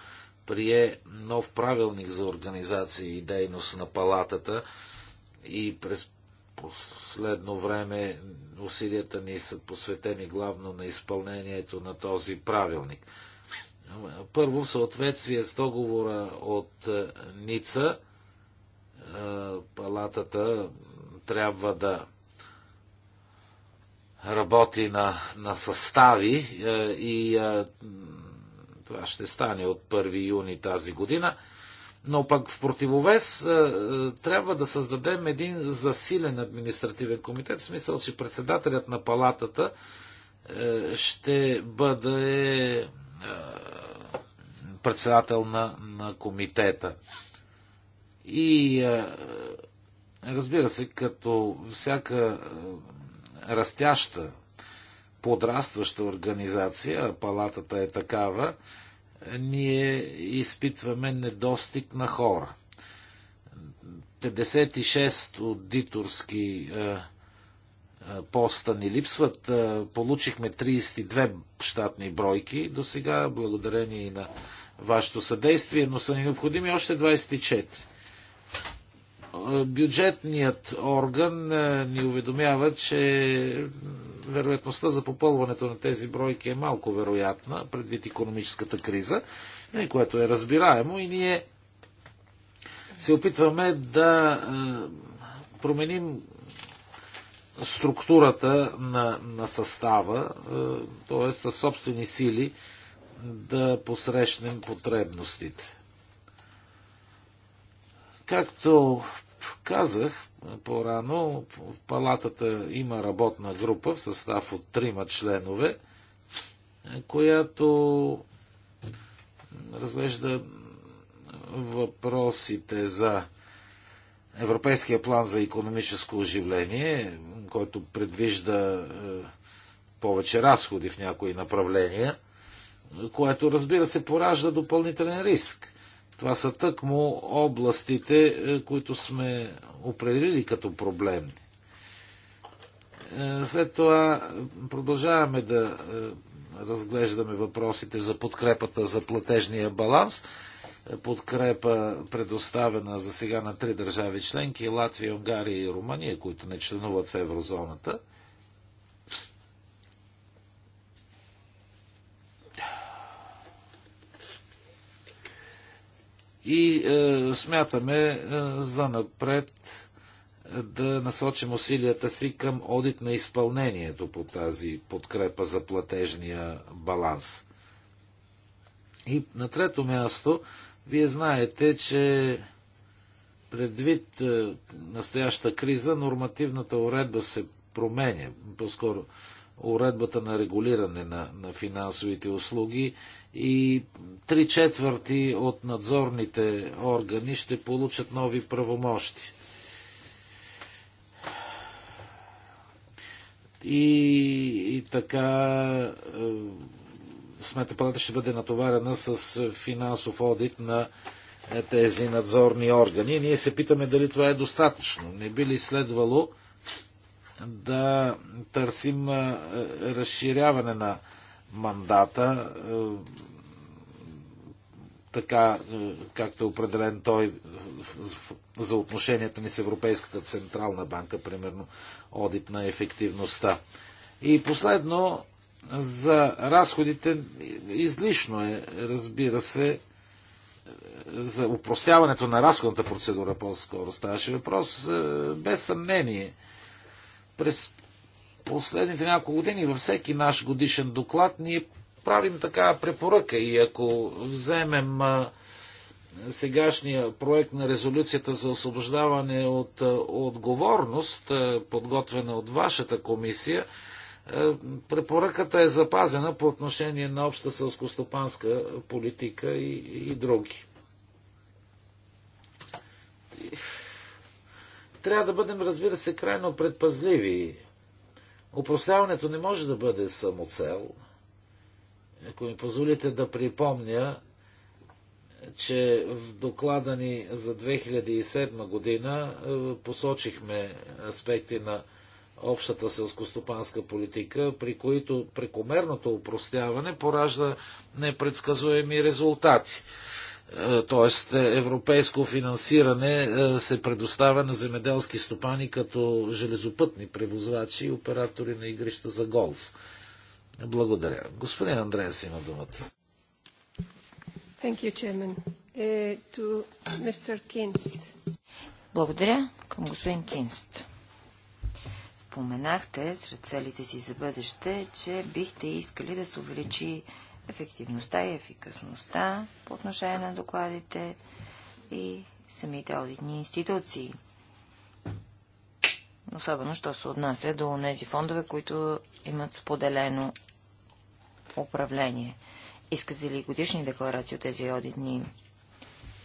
прие нов правилник за организация и дейност на палатата и през последно време усилията ни са посветени главно на изпълнението на този правилник. Първо, в съответствие с договора от е, Ница, е, палатата трябва да работи на, на състави е, и е, това ще стане от 1 юни тази година. Но пък в противовес е, трябва да създадем един засилен административен комитет, в смисъл, че председателят на палатата ще бъде председател на, на комитета. И разбира се, като всяка растяща, подрастваща организация, а палатата е такава, ние изпитваме недостиг на хора. 56 аудиторски е, е, поста ни липсват. Е, получихме 32 щатни бройки до сега, благодарение и на вашето съдействие, но са ни необходими още 24 бюджетният орган е, ни уведомява, че вероятността за попълването на тези бройки е малко вероятна, предвид економическата криза, е, което е разбираемо и ние се опитваме да е, променим структурата на, на състава, т.е. със собствени сили да посрещнем потребностите. Както казах по-рано, в палатата има работна група в състав от трима членове, която разглежда въпросите за Европейския план за економическо оживление, който предвижда повече разходи в някои направления, което разбира се поражда допълнителен риск. Това са тъкмо областите, е, които сме определили като проблемни. Е, след това продължаваме да е, разглеждаме въпросите за подкрепата за платежния баланс. Подкрепа предоставена за сега на три държави членки Латвия, Унгария и Румъния, които не членуват в еврозоната – и е, смятаме е, за напред е, да насочим усилията си към одит на изпълнението по тази подкрепа за платежния баланс. И на трето място, вие знаете, че предвид е, настояща криза, нормативната уредба се променя. По-скоро уредбата на регулиране на, на финансовите услуги и три четвърти от надзорните органи ще получат нови правомощи. И, и така е, Смета палата ще бъде натоварена с финансов одит на е, тези надзорни органи. Ние се питаме дали това е достатъчно. Не би ли следвало да търсим разширяване на мандата, така както е определен той за отношенията ни с Европейската Централна банка, примерно одит на ефективността. И последно, за разходите излишно е, разбира се, за упростяването на разходната процедура по-скоро ставаше въпрос, без съмнение – през последните няколко години във всеки наш годишен доклад ние правим такава препоръка и ако вземем сегашния проект на резолюцията за освобождаване от отговорност, подготвена от вашата комисия, препоръката е запазена по отношение на обща сълскостопанска политика и, и други. Трябва да бъдем, разбира се, крайно предпазливи. Опросляването не може да бъде самоцел. Ако ми позволите да припомня, че в доклада ни за 2007 година е, посочихме аспекти на общата селскостопанска политика, при които прекомерното упростяване поражда непредсказуеми резултати т.е. Е, европейско финансиране е, се предоставя на земеделски стопани като железопътни превозвачи и оператори на игрища за голф. Благодаря. Господин Андреас има думата. Thank you, Chairman. Uh, to Mr. Kinst. Благодаря към господин Кинст. Споменахте сред целите си за бъдеще, че бихте искали да се увеличи ефективността и ефикасността по отношение на докладите и самите одитни институции. Особено, що се отнася до тези фондове, които имат споделено управление. Искате ли годишни декларации от тези одитни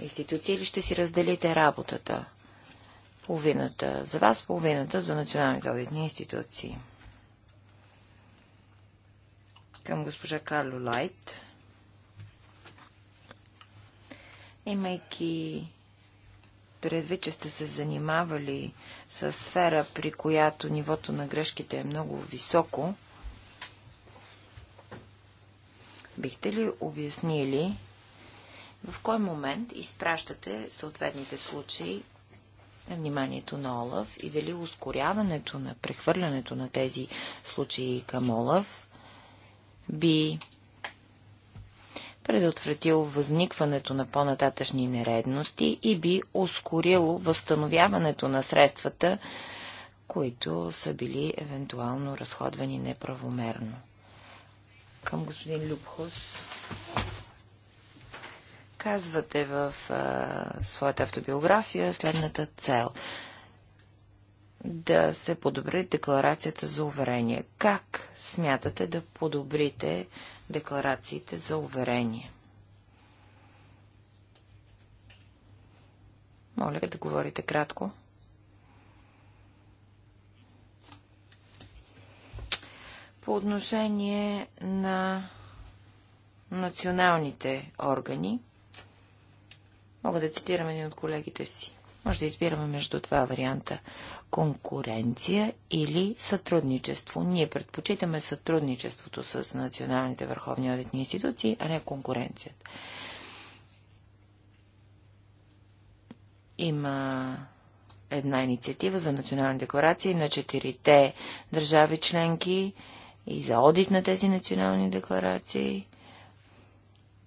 институции или ще си разделите работата? Половината за вас, половината за националните одитни институции към госпожа Карло Лайт. Имайки предвид, че сте се занимавали с сфера, при която нивото на грешките е много високо, бихте ли обяснили в кой момент изпращате съответните случаи на вниманието на Олаф и дали ускоряването на прехвърлянето на тези случаи към Олаф би предотвратило възникването на по-нататъчни нередности и би ускорило възстановяването на средствата, които са били евентуално разходвани неправомерно. Към господин Любхос. Казвате в а, своята автобиография следната цел да се подобри декларацията за уверение. Как смятате да подобрите декларациите за уверение? Моля да говорите кратко. По отношение на националните органи, мога да цитирам един от колегите си. Може да избираме между два варианта – конкуренция или сътрудничество. Ние предпочитаме сътрудничеството с националните върховни одитни институции, а не конкуренцията. Има една инициатива за национални декларации на четирите държави членки и за одит на тези национални декларации.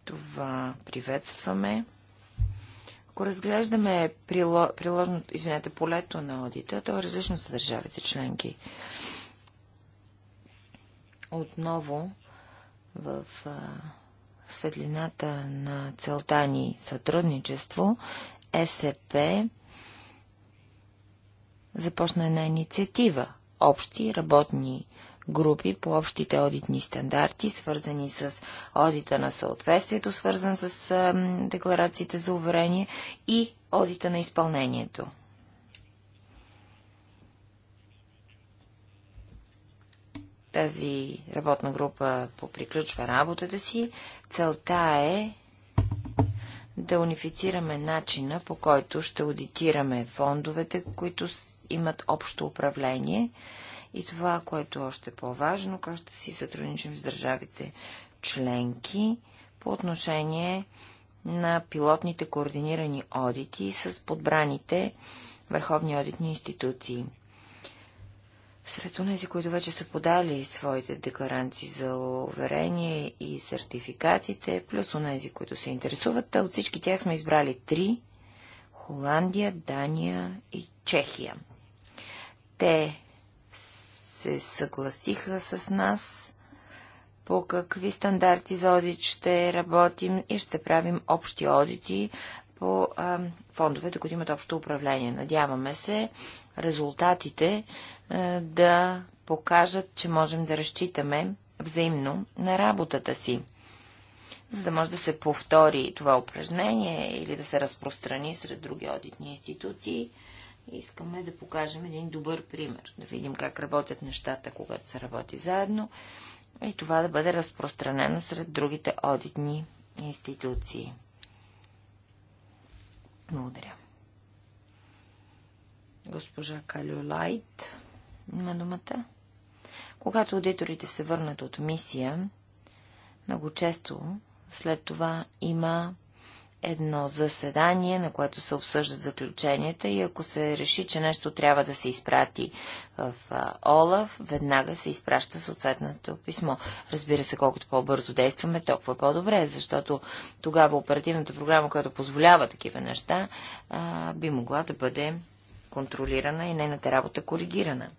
Това приветстваме. Ако разглеждаме прило, приложното, извинете, полето на одита, то е различно с държавите членки. Отново, в а, светлината на целта ни сътрудничество, СЕП започна една инициатива – общи работни групи по общите одитни стандарти, свързани с одита на съответствието, свързан с а, декларациите за уверение и одита на изпълнението. Тази работна група поприключва работата си. Целта е да унифицираме начина, по който ще аудитираме фондовете, които имат общо управление, и това, което е още по-важно, как ще си сътрудничим с държавите членки по отношение на пилотните координирани одити с подбраните върховни одитни институции. Сред тези, които вече са подали своите декларанции за уверение и сертификатите, плюс тези, които се интересуват, от всички тях сме избрали три – Холандия, Дания и Чехия. Те се съгласиха с нас по какви стандарти за одит ще работим и ще правим общи одити по а, фондовете, които имат общо управление. Надяваме се резултатите а, да покажат, че можем да разчитаме взаимно на работата си. За да може да се повтори това упражнение или да се разпространи сред други одитни институции, Искаме да покажем един добър пример, да видим как работят нещата, когато се работи заедно и това да бъде разпространено сред другите одитни институции. Благодаря. Госпожа Калюлайт има думата. Когато аудиторите се върнат от мисия, много често след това има едно заседание, на което се обсъждат заключенията и ако се реши, че нещо трябва да се изпрати в Олаф, веднага се изпраща съответното писмо. Разбира се, колкото по-бързо действаме, толкова по-добре, защото тогава оперативната програма, която позволява такива неща, би могла да бъде контролирана и нейната работа коригирана.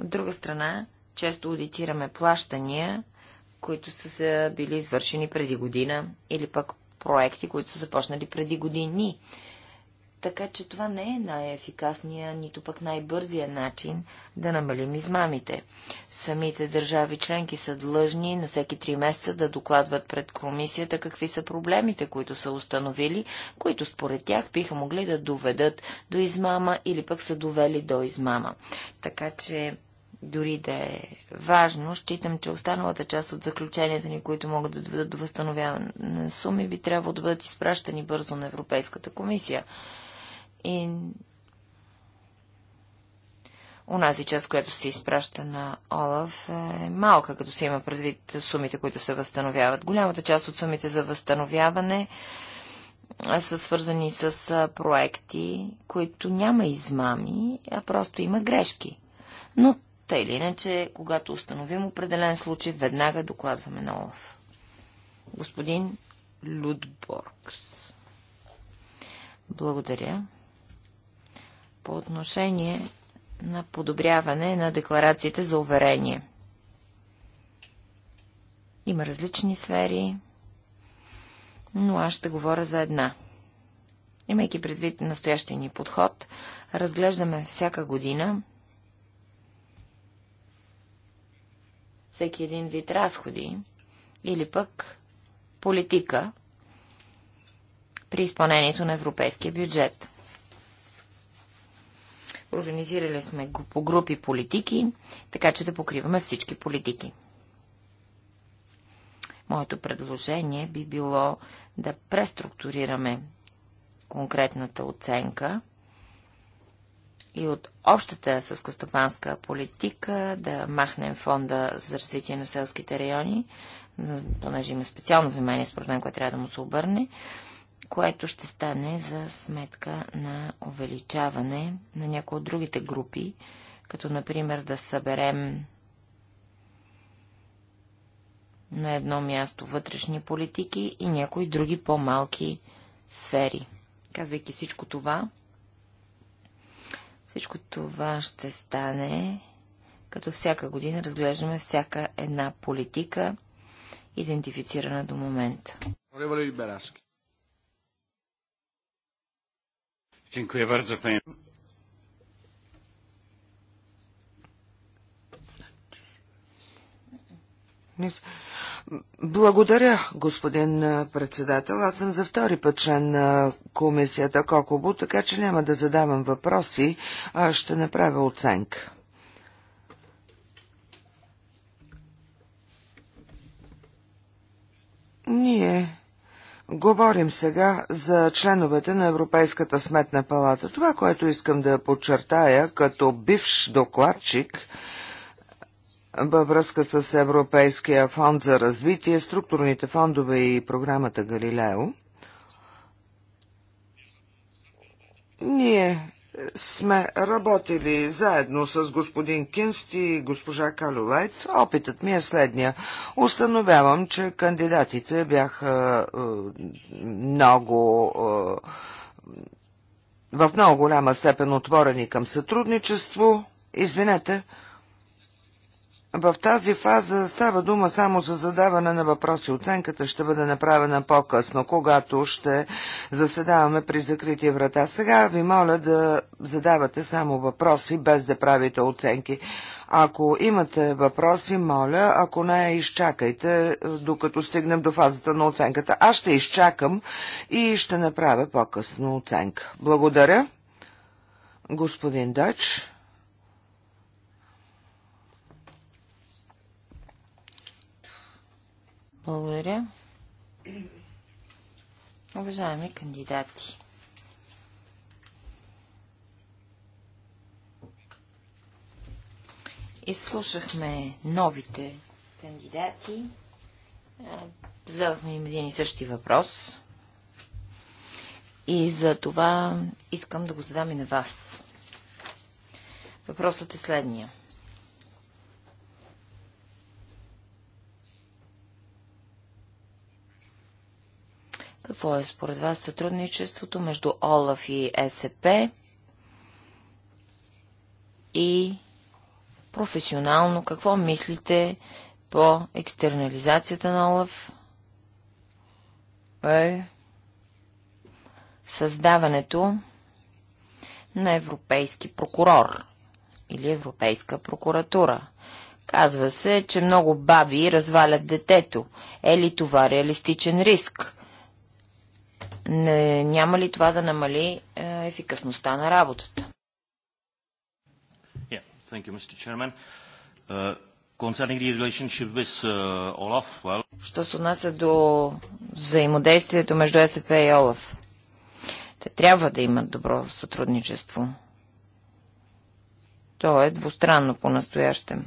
От друга страна, често аудитираме плащания, които са били извършени преди година или пък проекти, които са започнали преди години. Така че това не е най-ефикасния, нито пък най-бързия начин да намалим измамите. Самите държави членки са длъжни на всеки три месеца да докладват пред комисията какви са проблемите, които са установили, които според тях биха могли да доведат до измама или пък са довели до измама. Така че дори да е важно, считам, че останалата част от заключенията ни, които могат да доведат до възстановяване на суми, би трябвало да бъдат изпращани бързо на Европейската комисия. И Унази част, която се изпраща на Олаф е малка, като се има предвид сумите, които се възстановяват. Голямата част от сумите за възстановяване са свързани с проекти, които няма измами, а просто има грешки. Но Та или иначе, когато установим определен случай, веднага докладваме на Олаф. Господин Людборгс. Благодаря. По отношение на подобряване на декларациите за уверение. Има различни сфери, но аз ще говоря за една. Имайки предвид настоящия ни подход, разглеждаме всяка година всеки един вид разходи или пък политика при изпълнението на европейския бюджет. Организирали сме го по групи политики, така че да покриваме всички политики. Моето предложение би било да преструктурираме конкретната оценка и от общата съскостопанска политика да махнем фонда за развитие на селските райони, понеже има специално внимание, според мен, което трябва да му се обърне, което ще стане за сметка на увеличаване на някои от другите групи, като например да съберем на едно място вътрешни политики и някои други по-малки сфери. Казвайки всичко това, всичко това ще стане, като всяка година разглеждаме всяка една политика, идентифицирана до момента. Днес благодаря, господин председател. Аз съм за втори път член на комисията Кокобо, така че няма да задавам въпроси, а ще направя оценка. Ние Говорим сега за членовете на Европейската сметна палата. Това, което искам да подчертая като бивш докладчик, във връзка с Европейския фонд за развитие, структурните фондове и програмата Галилео. Ние сме работили заедно с господин Кинст и госпожа Калюлайт. Опитът ми е следния. Установявам, че кандидатите бяха е, много е, в много голяма степен отворени към сътрудничество. Извинете, в тази фаза става дума само за задаване на въпроси. Оценката ще бъде направена по-късно, когато ще заседаваме при закрити врата. Сега ви моля да задавате само въпроси, без да правите оценки. Ако имате въпроси, моля, ако не, изчакайте, е, докато стигнем до фазата на оценката. Аз ще изчакам и ще направя по-късно оценка. Благодаря. Господин Дач. Благодаря. Уважаеми кандидати. Изслушахме новите кандидати. Задахме им един и същи въпрос. И за това искам да го задам и на вас. Въпросът е следния. Какво е според вас сътрудничеството между ОЛАФ и СП и професионално какво мислите по екстернализацията на ОЛАФ? Е създаването на европейски прокурор или европейска прокуратура. Казва се, че много баби развалят детето. Е ли това реалистичен риск? Не, няма ли това да намали е, ефикасността на работата? Yeah, thank you, Mr. Chairman. Uh, with, uh, Olaf, well... Що се отнася до взаимодействието между СП и ОЛАФ? Те трябва да имат добро сътрудничество. То е двустранно по-настоящем.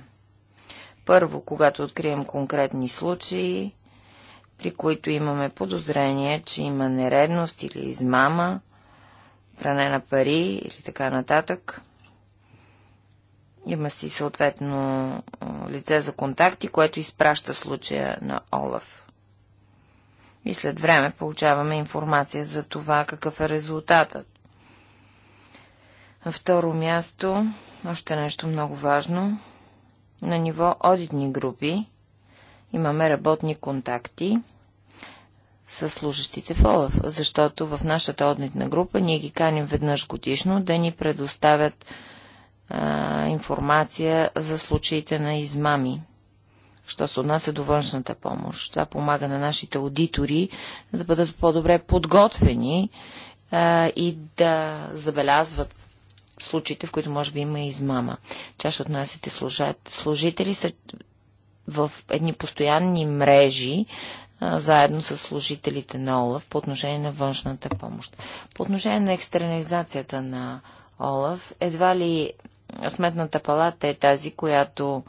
Първо, когато открием конкретни случаи, при които имаме подозрение, че има нередност или измама, пране на пари или така нататък. Има си съответно лице за контакти, което изпраща случая на Олаф. И след време получаваме информация за това какъв е резултатът. На второ място, още нещо много важно, на ниво одитни групи имаме работни контакти с служащите в ОЛАФ, защото в нашата одитна група ние ги каним веднъж годишно да ни предоставят а, информация за случаите на измами, що се отнася до външната помощ. Това помага на нашите аудитори да бъдат по-добре подготвени а, и да забелязват случаите, в които може би има измама. Чаш от нашите служители са в едни постоянни мрежи заедно с служителите на ОЛАВ по отношение на външната помощ. По отношение на екстернализацията на ОЛАВ, едва ли Сметната палата е тази, която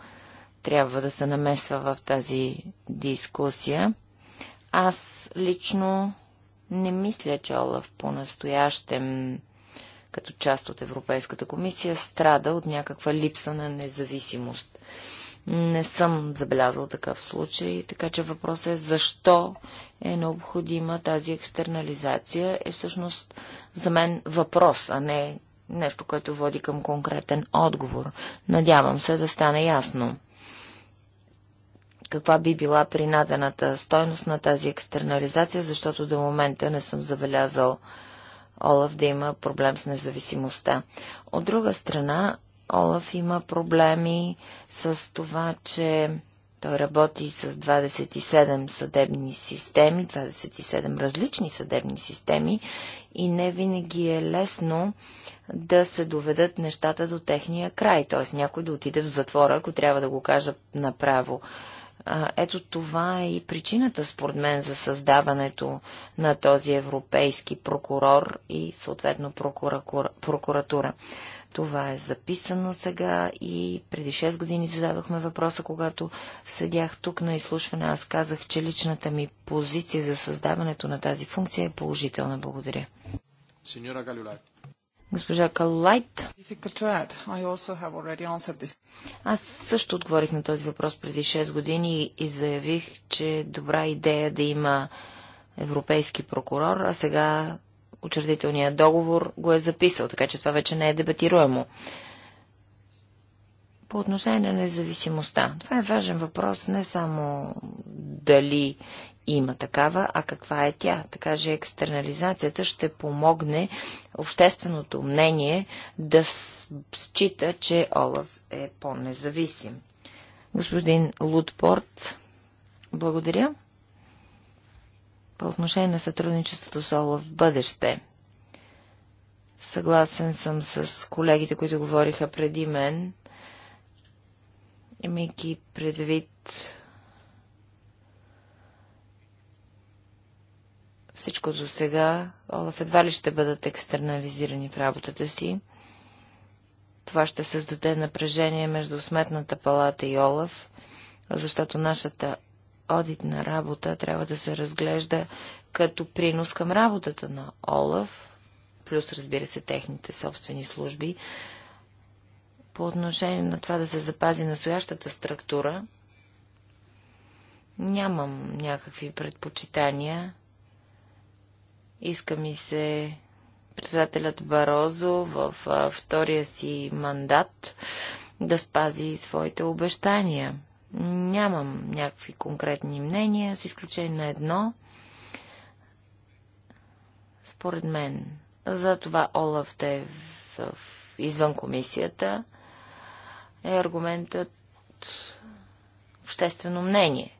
трябва да се намесва в тази дискусия. Аз лично не мисля, че Олаф по-настоящем като част от Европейската комисия страда от някаква липса на независимост. Не съм забелязал такъв случай, така че въпросът е защо е необходима тази екстернализация е всъщност за мен въпрос, а не нещо, което води към конкретен отговор. Надявам се да стане ясно каква би била принадената стойност на тази екстернализация, защото до момента не съм забелязал Олаф да има проблем с независимостта. От друга страна, Олаф има проблеми с това, че той работи с 27 съдебни системи, 27 различни съдебни системи и не винаги е лесно да се доведат нещата до техния край, т.е. някой да отиде в затвора, ако трябва да го кажа направо. Ето това е и причината, според мен, за създаването на този европейски прокурор и съответно прокуратура. Това е записано сега и преди 6 години зададохме въпроса, когато седях тук на изслушване. Аз казах, че личната ми позиция за създаването на тази функция е положителна. Благодаря. Сеньора Галюлайт. Госпожа Калулайт. Аз също отговорих на този въпрос преди 6 години и заявих, че добра идея да има европейски прокурор, а сега учредителният договор го е записал, така че това вече не е дебатируемо. По отношение на независимостта. Това е важен въпрос не само дали има такава, а каква е тя. Така че екстернализацията ще помогне общественото мнение да счита, че Олаф е по-независим. Господин Лутпорт, благодаря по отношение на сътрудничеството с ОЛАФ в бъдеще. Съгласен съм с колегите, които говориха преди мен, имайки предвид всичко до сега, Олаф едва ли ще бъдат екстернализирани в работата си. Това ще създаде напрежение между Сметната палата и Олаф, защото нашата одитна работа трябва да се разглежда като принос към работата на Олаф, плюс разбира се техните собствени служби, по отношение на това да се запази настоящата структура, нямам някакви предпочитания. Иска ми се председателят Барозо в втория си мандат да спази своите обещания. Нямам някакви конкретни мнения, с изключение на едно. Според мен, за това Олаф да е в, в, извън комисията, е аргументът обществено мнение.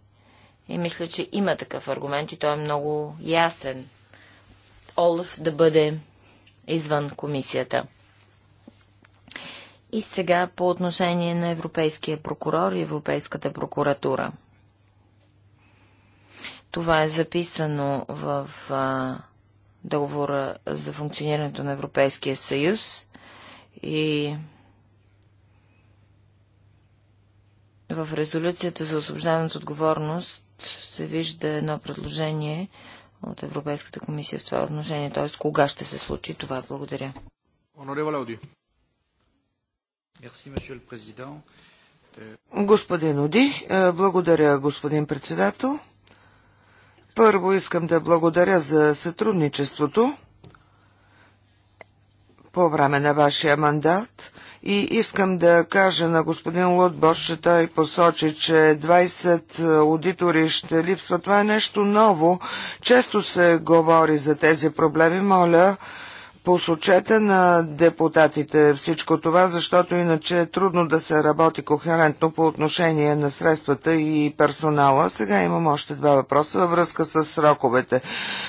И мисля, че има такъв аргумент и той е много ясен. Олаф да бъде извън комисията. И сега по отношение на Европейския прокурор и Европейската прокуратура. Това е записано в а, договора за функционирането на Европейския съюз и в резолюцията за освобождаване от отговорност се вижда едно предложение от Европейската комисия в това отношение, т.е. кога ще се случи това. Благодаря. Euh, господин Оди, е, благодаря, господин председател. Първо искам да благодаря за сътрудничеството по време на вашия мандат и искам да кажа на господин Лутбош, че той посочи, че 20 аудитори ще липсват. Това е нещо ново. Често се говори за тези проблеми. Моля, посочете на депутатите всичко това, защото иначе е трудно да се работи кохерентно по отношение на средствата и персонала. Сега имам още два въпроса във връзка с сроковете.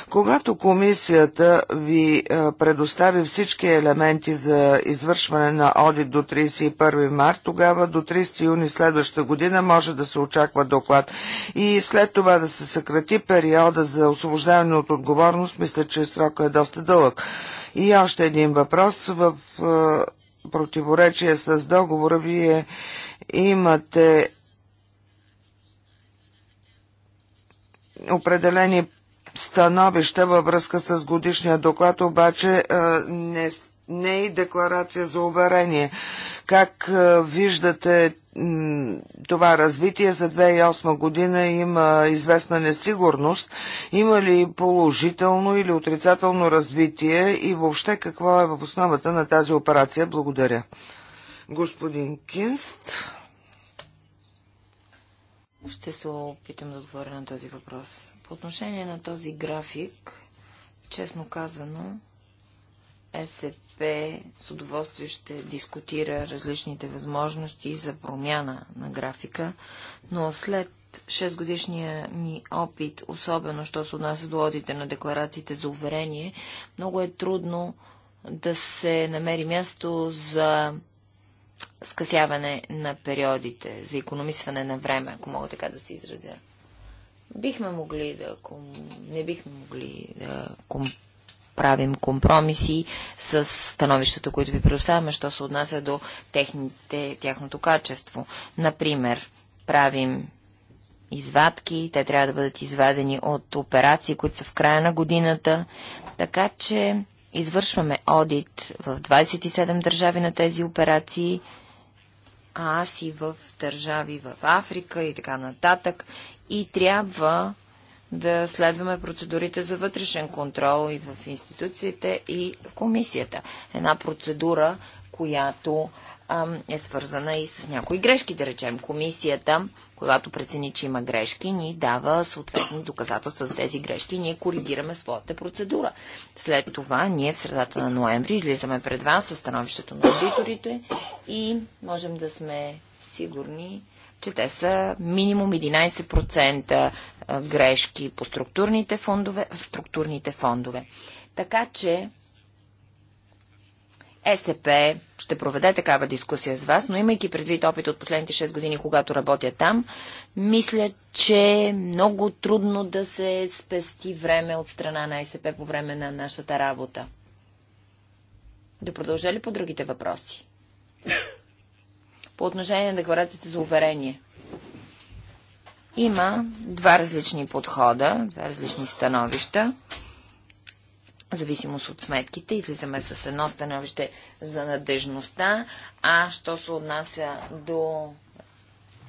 Когато комисията ви е, предостави всички елементи за извършване на одит до 31 март, тогава до 30 юни следващата година може да се очаква доклад. И след това да се съкрати периода за освобождаване от отговорност, мисля, че срока е доста дълъг. И още един въпрос в е, противоречие с договора. Вие имате определени становища във връзка с годишния доклад, обаче е, не, не и декларация за уверение. Как е, виждате това развитие за 2008 година има известна несигурност. Има ли положително или отрицателно развитие и въобще какво е в основата на тази операция? Благодаря. Господин Кинст. Ще се опитам да отговоря на този въпрос. По отношение на този график, честно казано, СП с удоволствие ще дискутира различните възможности за промяна на графика, но след 6 годишния ми опит, особено що се отнася до одите на декларациите за уверение, много е трудно да се намери място за скъсяване на периодите, за економисване на време, ако мога така да се изразя. Бихме могли да... Не бихме могли да правим компромиси с становищата, които ви предоставяме, що се отнася до техните, тяхното качество. Например, правим извадки, те трябва да бъдат извадени от операции, които са в края на годината, така че извършваме одит в 27 държави на тези операции, а аз и в държави в Африка и така нататък. И трябва да следваме процедурите за вътрешен контрол и в институциите и комисията. Една процедура, която е свързана и с някои грешки, да речем. Комисията, когато прецени, че има грешки, ни дава съответни доказателства за тези грешки и ние коригираме своята процедура. След това ние в средата на ноември излизаме пред вас със становището на аудиторите и можем да сме сигурни, че те са минимум 11% грешки по структурните фондове, структурните фондове. Така че ЕСП ще проведе такава дискусия с вас, но имайки предвид опит от последните 6 години, когато работя там, мисля, че е много трудно да се спести време от страна на СП по време на нашата работа. Да продължа ли по другите въпроси? по отношение на декларацията за уверение. Има два различни подхода, два различни становища. В зависимост от сметките, излизаме с едно становище за надежността, а що се отнася до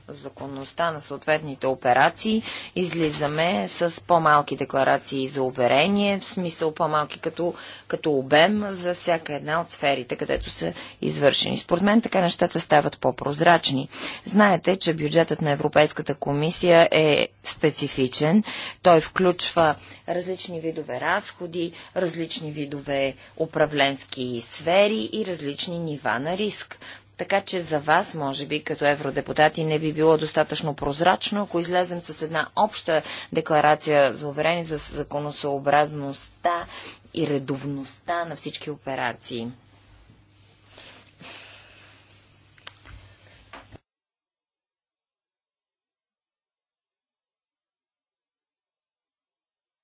законността на съответните операции, излизаме с по-малки декларации за уверение, в смисъл по-малки като, като обем за всяка една от сферите, където са извършени. Според мен така нещата стават по-прозрачни. Знаете, че бюджетът на Европейската комисия е специфичен. Той включва различни видове разходи, различни видове управленски сфери и различни нива на риск. Така че за вас, може би, като евродепутати, не би било достатъчно прозрачно, ако излезем с една обща декларация за уверени за законосъобразността и редовността на всички операции.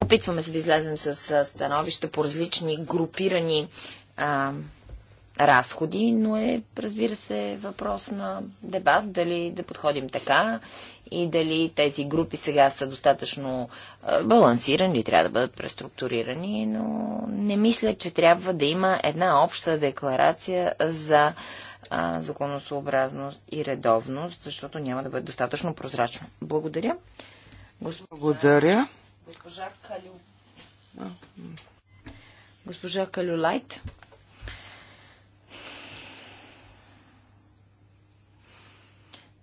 Опитваме се да излезем с становища по различни групирани а, разходи, но е, разбира се, въпрос на дебат дали да подходим така и дали тези групи сега са достатъчно балансирани трябва да бъдат преструктурирани, но не мисля, че трябва да има една обща декларация за а, законосообразност и редовност, защото няма да бъде достатъчно прозрачно. Благодаря. Госпожа... Благодаря. Госпожа Калю. Госпожа Калюлайт.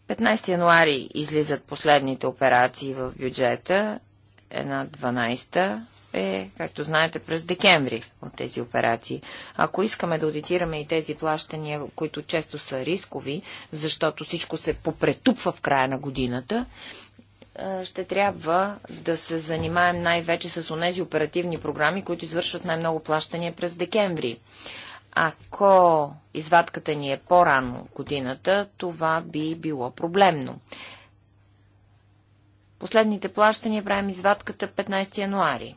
15 януари излизат последните операции в бюджета. Една 12-та е, както знаете, през декември от тези операции. Ако искаме да аудитираме и тези плащания, които често са рискови, защото всичко се попретупва в края на годината, ще трябва да се занимаем най-вече с онези оперативни програми, които извършват най-много плащания през декември. Ако извадката ни е по-рано годината, това би било проблемно. Последните плащания правим извадката 15 януари.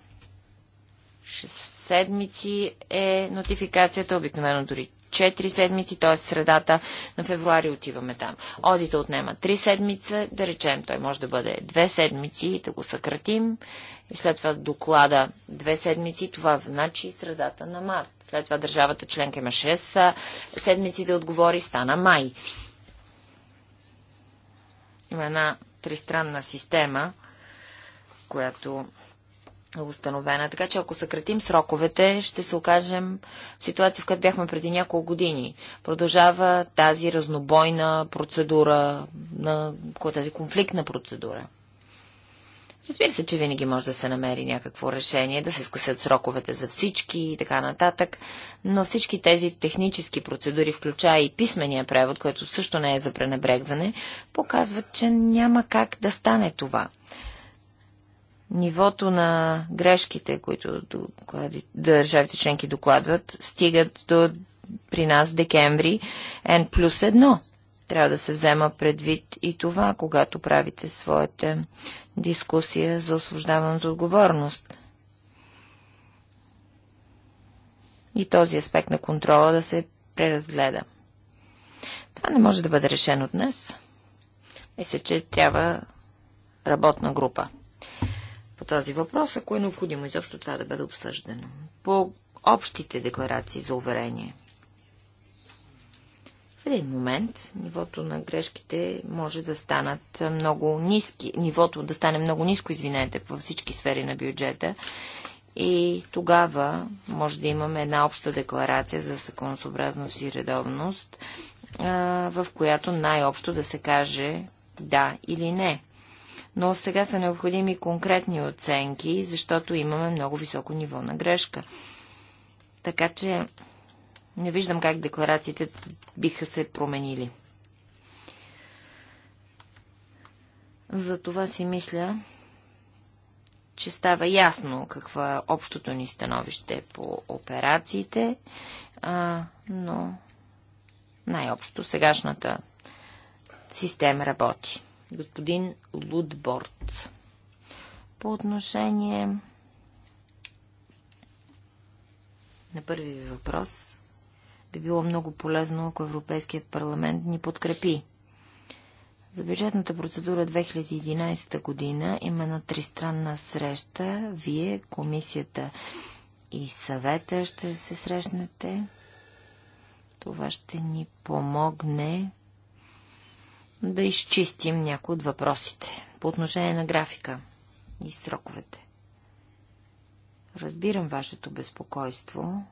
Шест седмици е нотификацията, обикновено дори 4 седмици, т.е. средата на февруари отиваме там. Одита отнема 3 седмица, да речем, той може да бъде 2 седмици, да го съкратим и след това доклада 2 седмици, това значи средата на март. След това държавата членка има 6 седмици да отговори, стана май. Има една тристранна система, която е установена. Така че ако съкратим сроковете, ще се окажем в ситуация, в която бяхме преди няколко години. Продължава тази разнобойна процедура, на, тази конфликтна процедура. Разбира се, че винаги може да се намери някакво решение, да се скъсят сроковете за всички и така нататък, но всички тези технически процедури, включая и писмения превод, което също не е за пренебрегване, показват, че няма как да стане това. Нивото на грешките, които доклади, държавите членки докладват, стигат до при нас декември N плюс 1. Трябва да се взема предвид и това, когато правите своите дискусия за освобождаването отговорност. И този аспект на контрола да се преразгледа. Това не може да бъде решено днес. Мисля, че трябва работна група по този въпрос, ако е необходимо изобщо това да бъде обсъждано. По общите декларации за уверение. В един момент нивото на грешките може да станат много ниски, нивото да стане много ниско, извинете, във всички сфери на бюджета и тогава може да имаме една обща декларация за законосообразност и редовност, в която най-общо да се каже да или не. Но сега са необходими конкретни оценки, защото имаме много високо ниво на грешка. Така че не виждам как декларациите биха се променили. За това си мисля, че става ясно какво е общото ни становище по операциите, а, но най-общо сегашната система работи. Господин Лудборд. По отношение на първи въпрос, би било много полезно, ако Европейският парламент ни подкрепи. За бюджетната процедура 2011 година има на тристранна среща. Вие, комисията и съвета ще се срещнете. Това ще ни помогне да изчистим някои от въпросите по отношение на графика и сроковете. Разбирам вашето безпокойство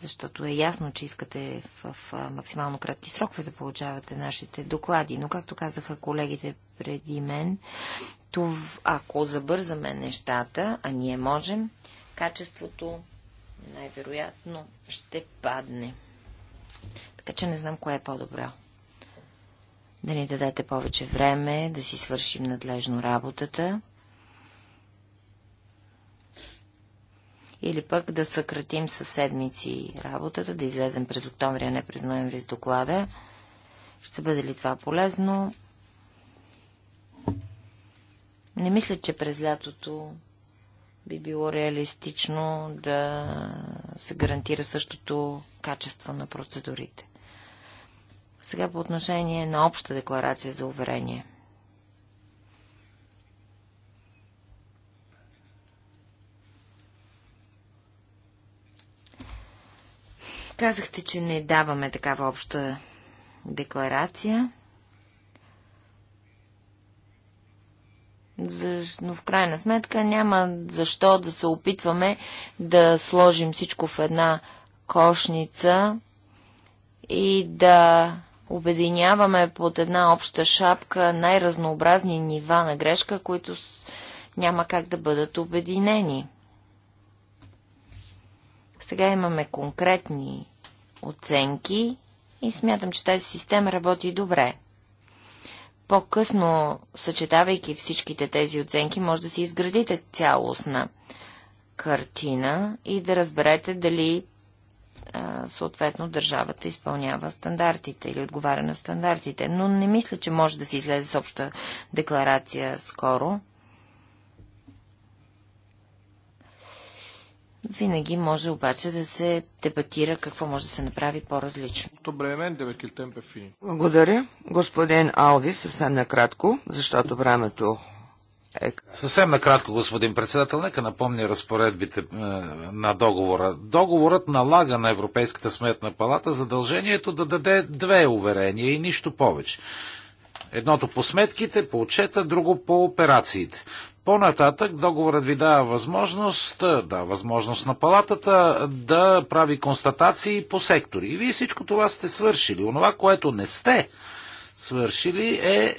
защото е ясно, че искате в максимално кратки срокове да получавате нашите доклади. Но, както казаха колегите преди мен, това, ако забързаме нещата, а ние можем, качеството най-вероятно ще падне. Така че не знам кое е по-добро. Да ни дадете повече време, да си свършим надлежно работата или пък да съкратим със седмици работата, да излезем през октомври, а не през ноември с доклада. Ще бъде ли това полезно? Не мисля, че през лятото би било реалистично да се гарантира същото качество на процедурите. Сега по отношение на обща декларация за уверение – Казахте, че не даваме такава обща декларация. Но в крайна сметка няма защо да се опитваме да сложим всичко в една кошница и да обединяваме под една обща шапка най-разнообразни нива на грешка, които няма как да бъдат обединени. Сега имаме конкретни оценки и смятам, че тази система работи добре. По-късно, съчетавайки всичките тези оценки, може да си изградите цялостна картина и да разберете дали съответно държавата изпълнява стандартите или отговаря на стандартите. Но не мисля, че може да се излезе с обща декларация скоро. Винаги може обаче да се дебатира какво може да се направи по-различно. Благодаря. Господин Алди, съвсем накратко, защото времето е... Съвсем накратко, господин председател, нека напомня разпоредбите е, на договора. Договорът налага на Европейската сметна палата задължението да даде две уверения и нищо повече. Едното по сметките, по отчета, друго по операциите. По-нататък договорът ви дава възможност, да, възможност на палатата да прави констатации по сектори. И вие всичко това сте свършили. Онова, което не сте свършили е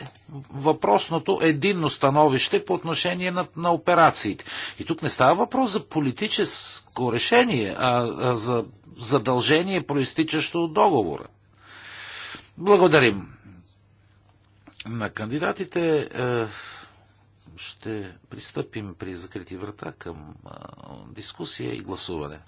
въпросното единно становище по отношение на, на операциите. И тук не става въпрос за политическо решение, а, а за задължение, проистичащо от договора. Благодарим на кандидатите. Е ще пристъпим при закрити врата към дискусия и гласуване.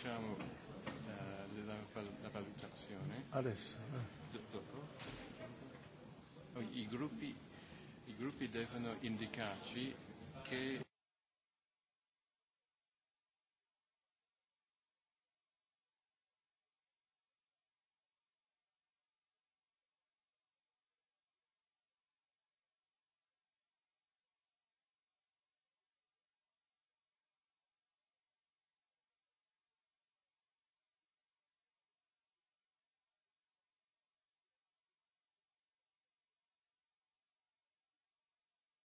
facciamo la, la, la valutazione. Adesso. dopo. I gruppi, I gruppi devono indicarci che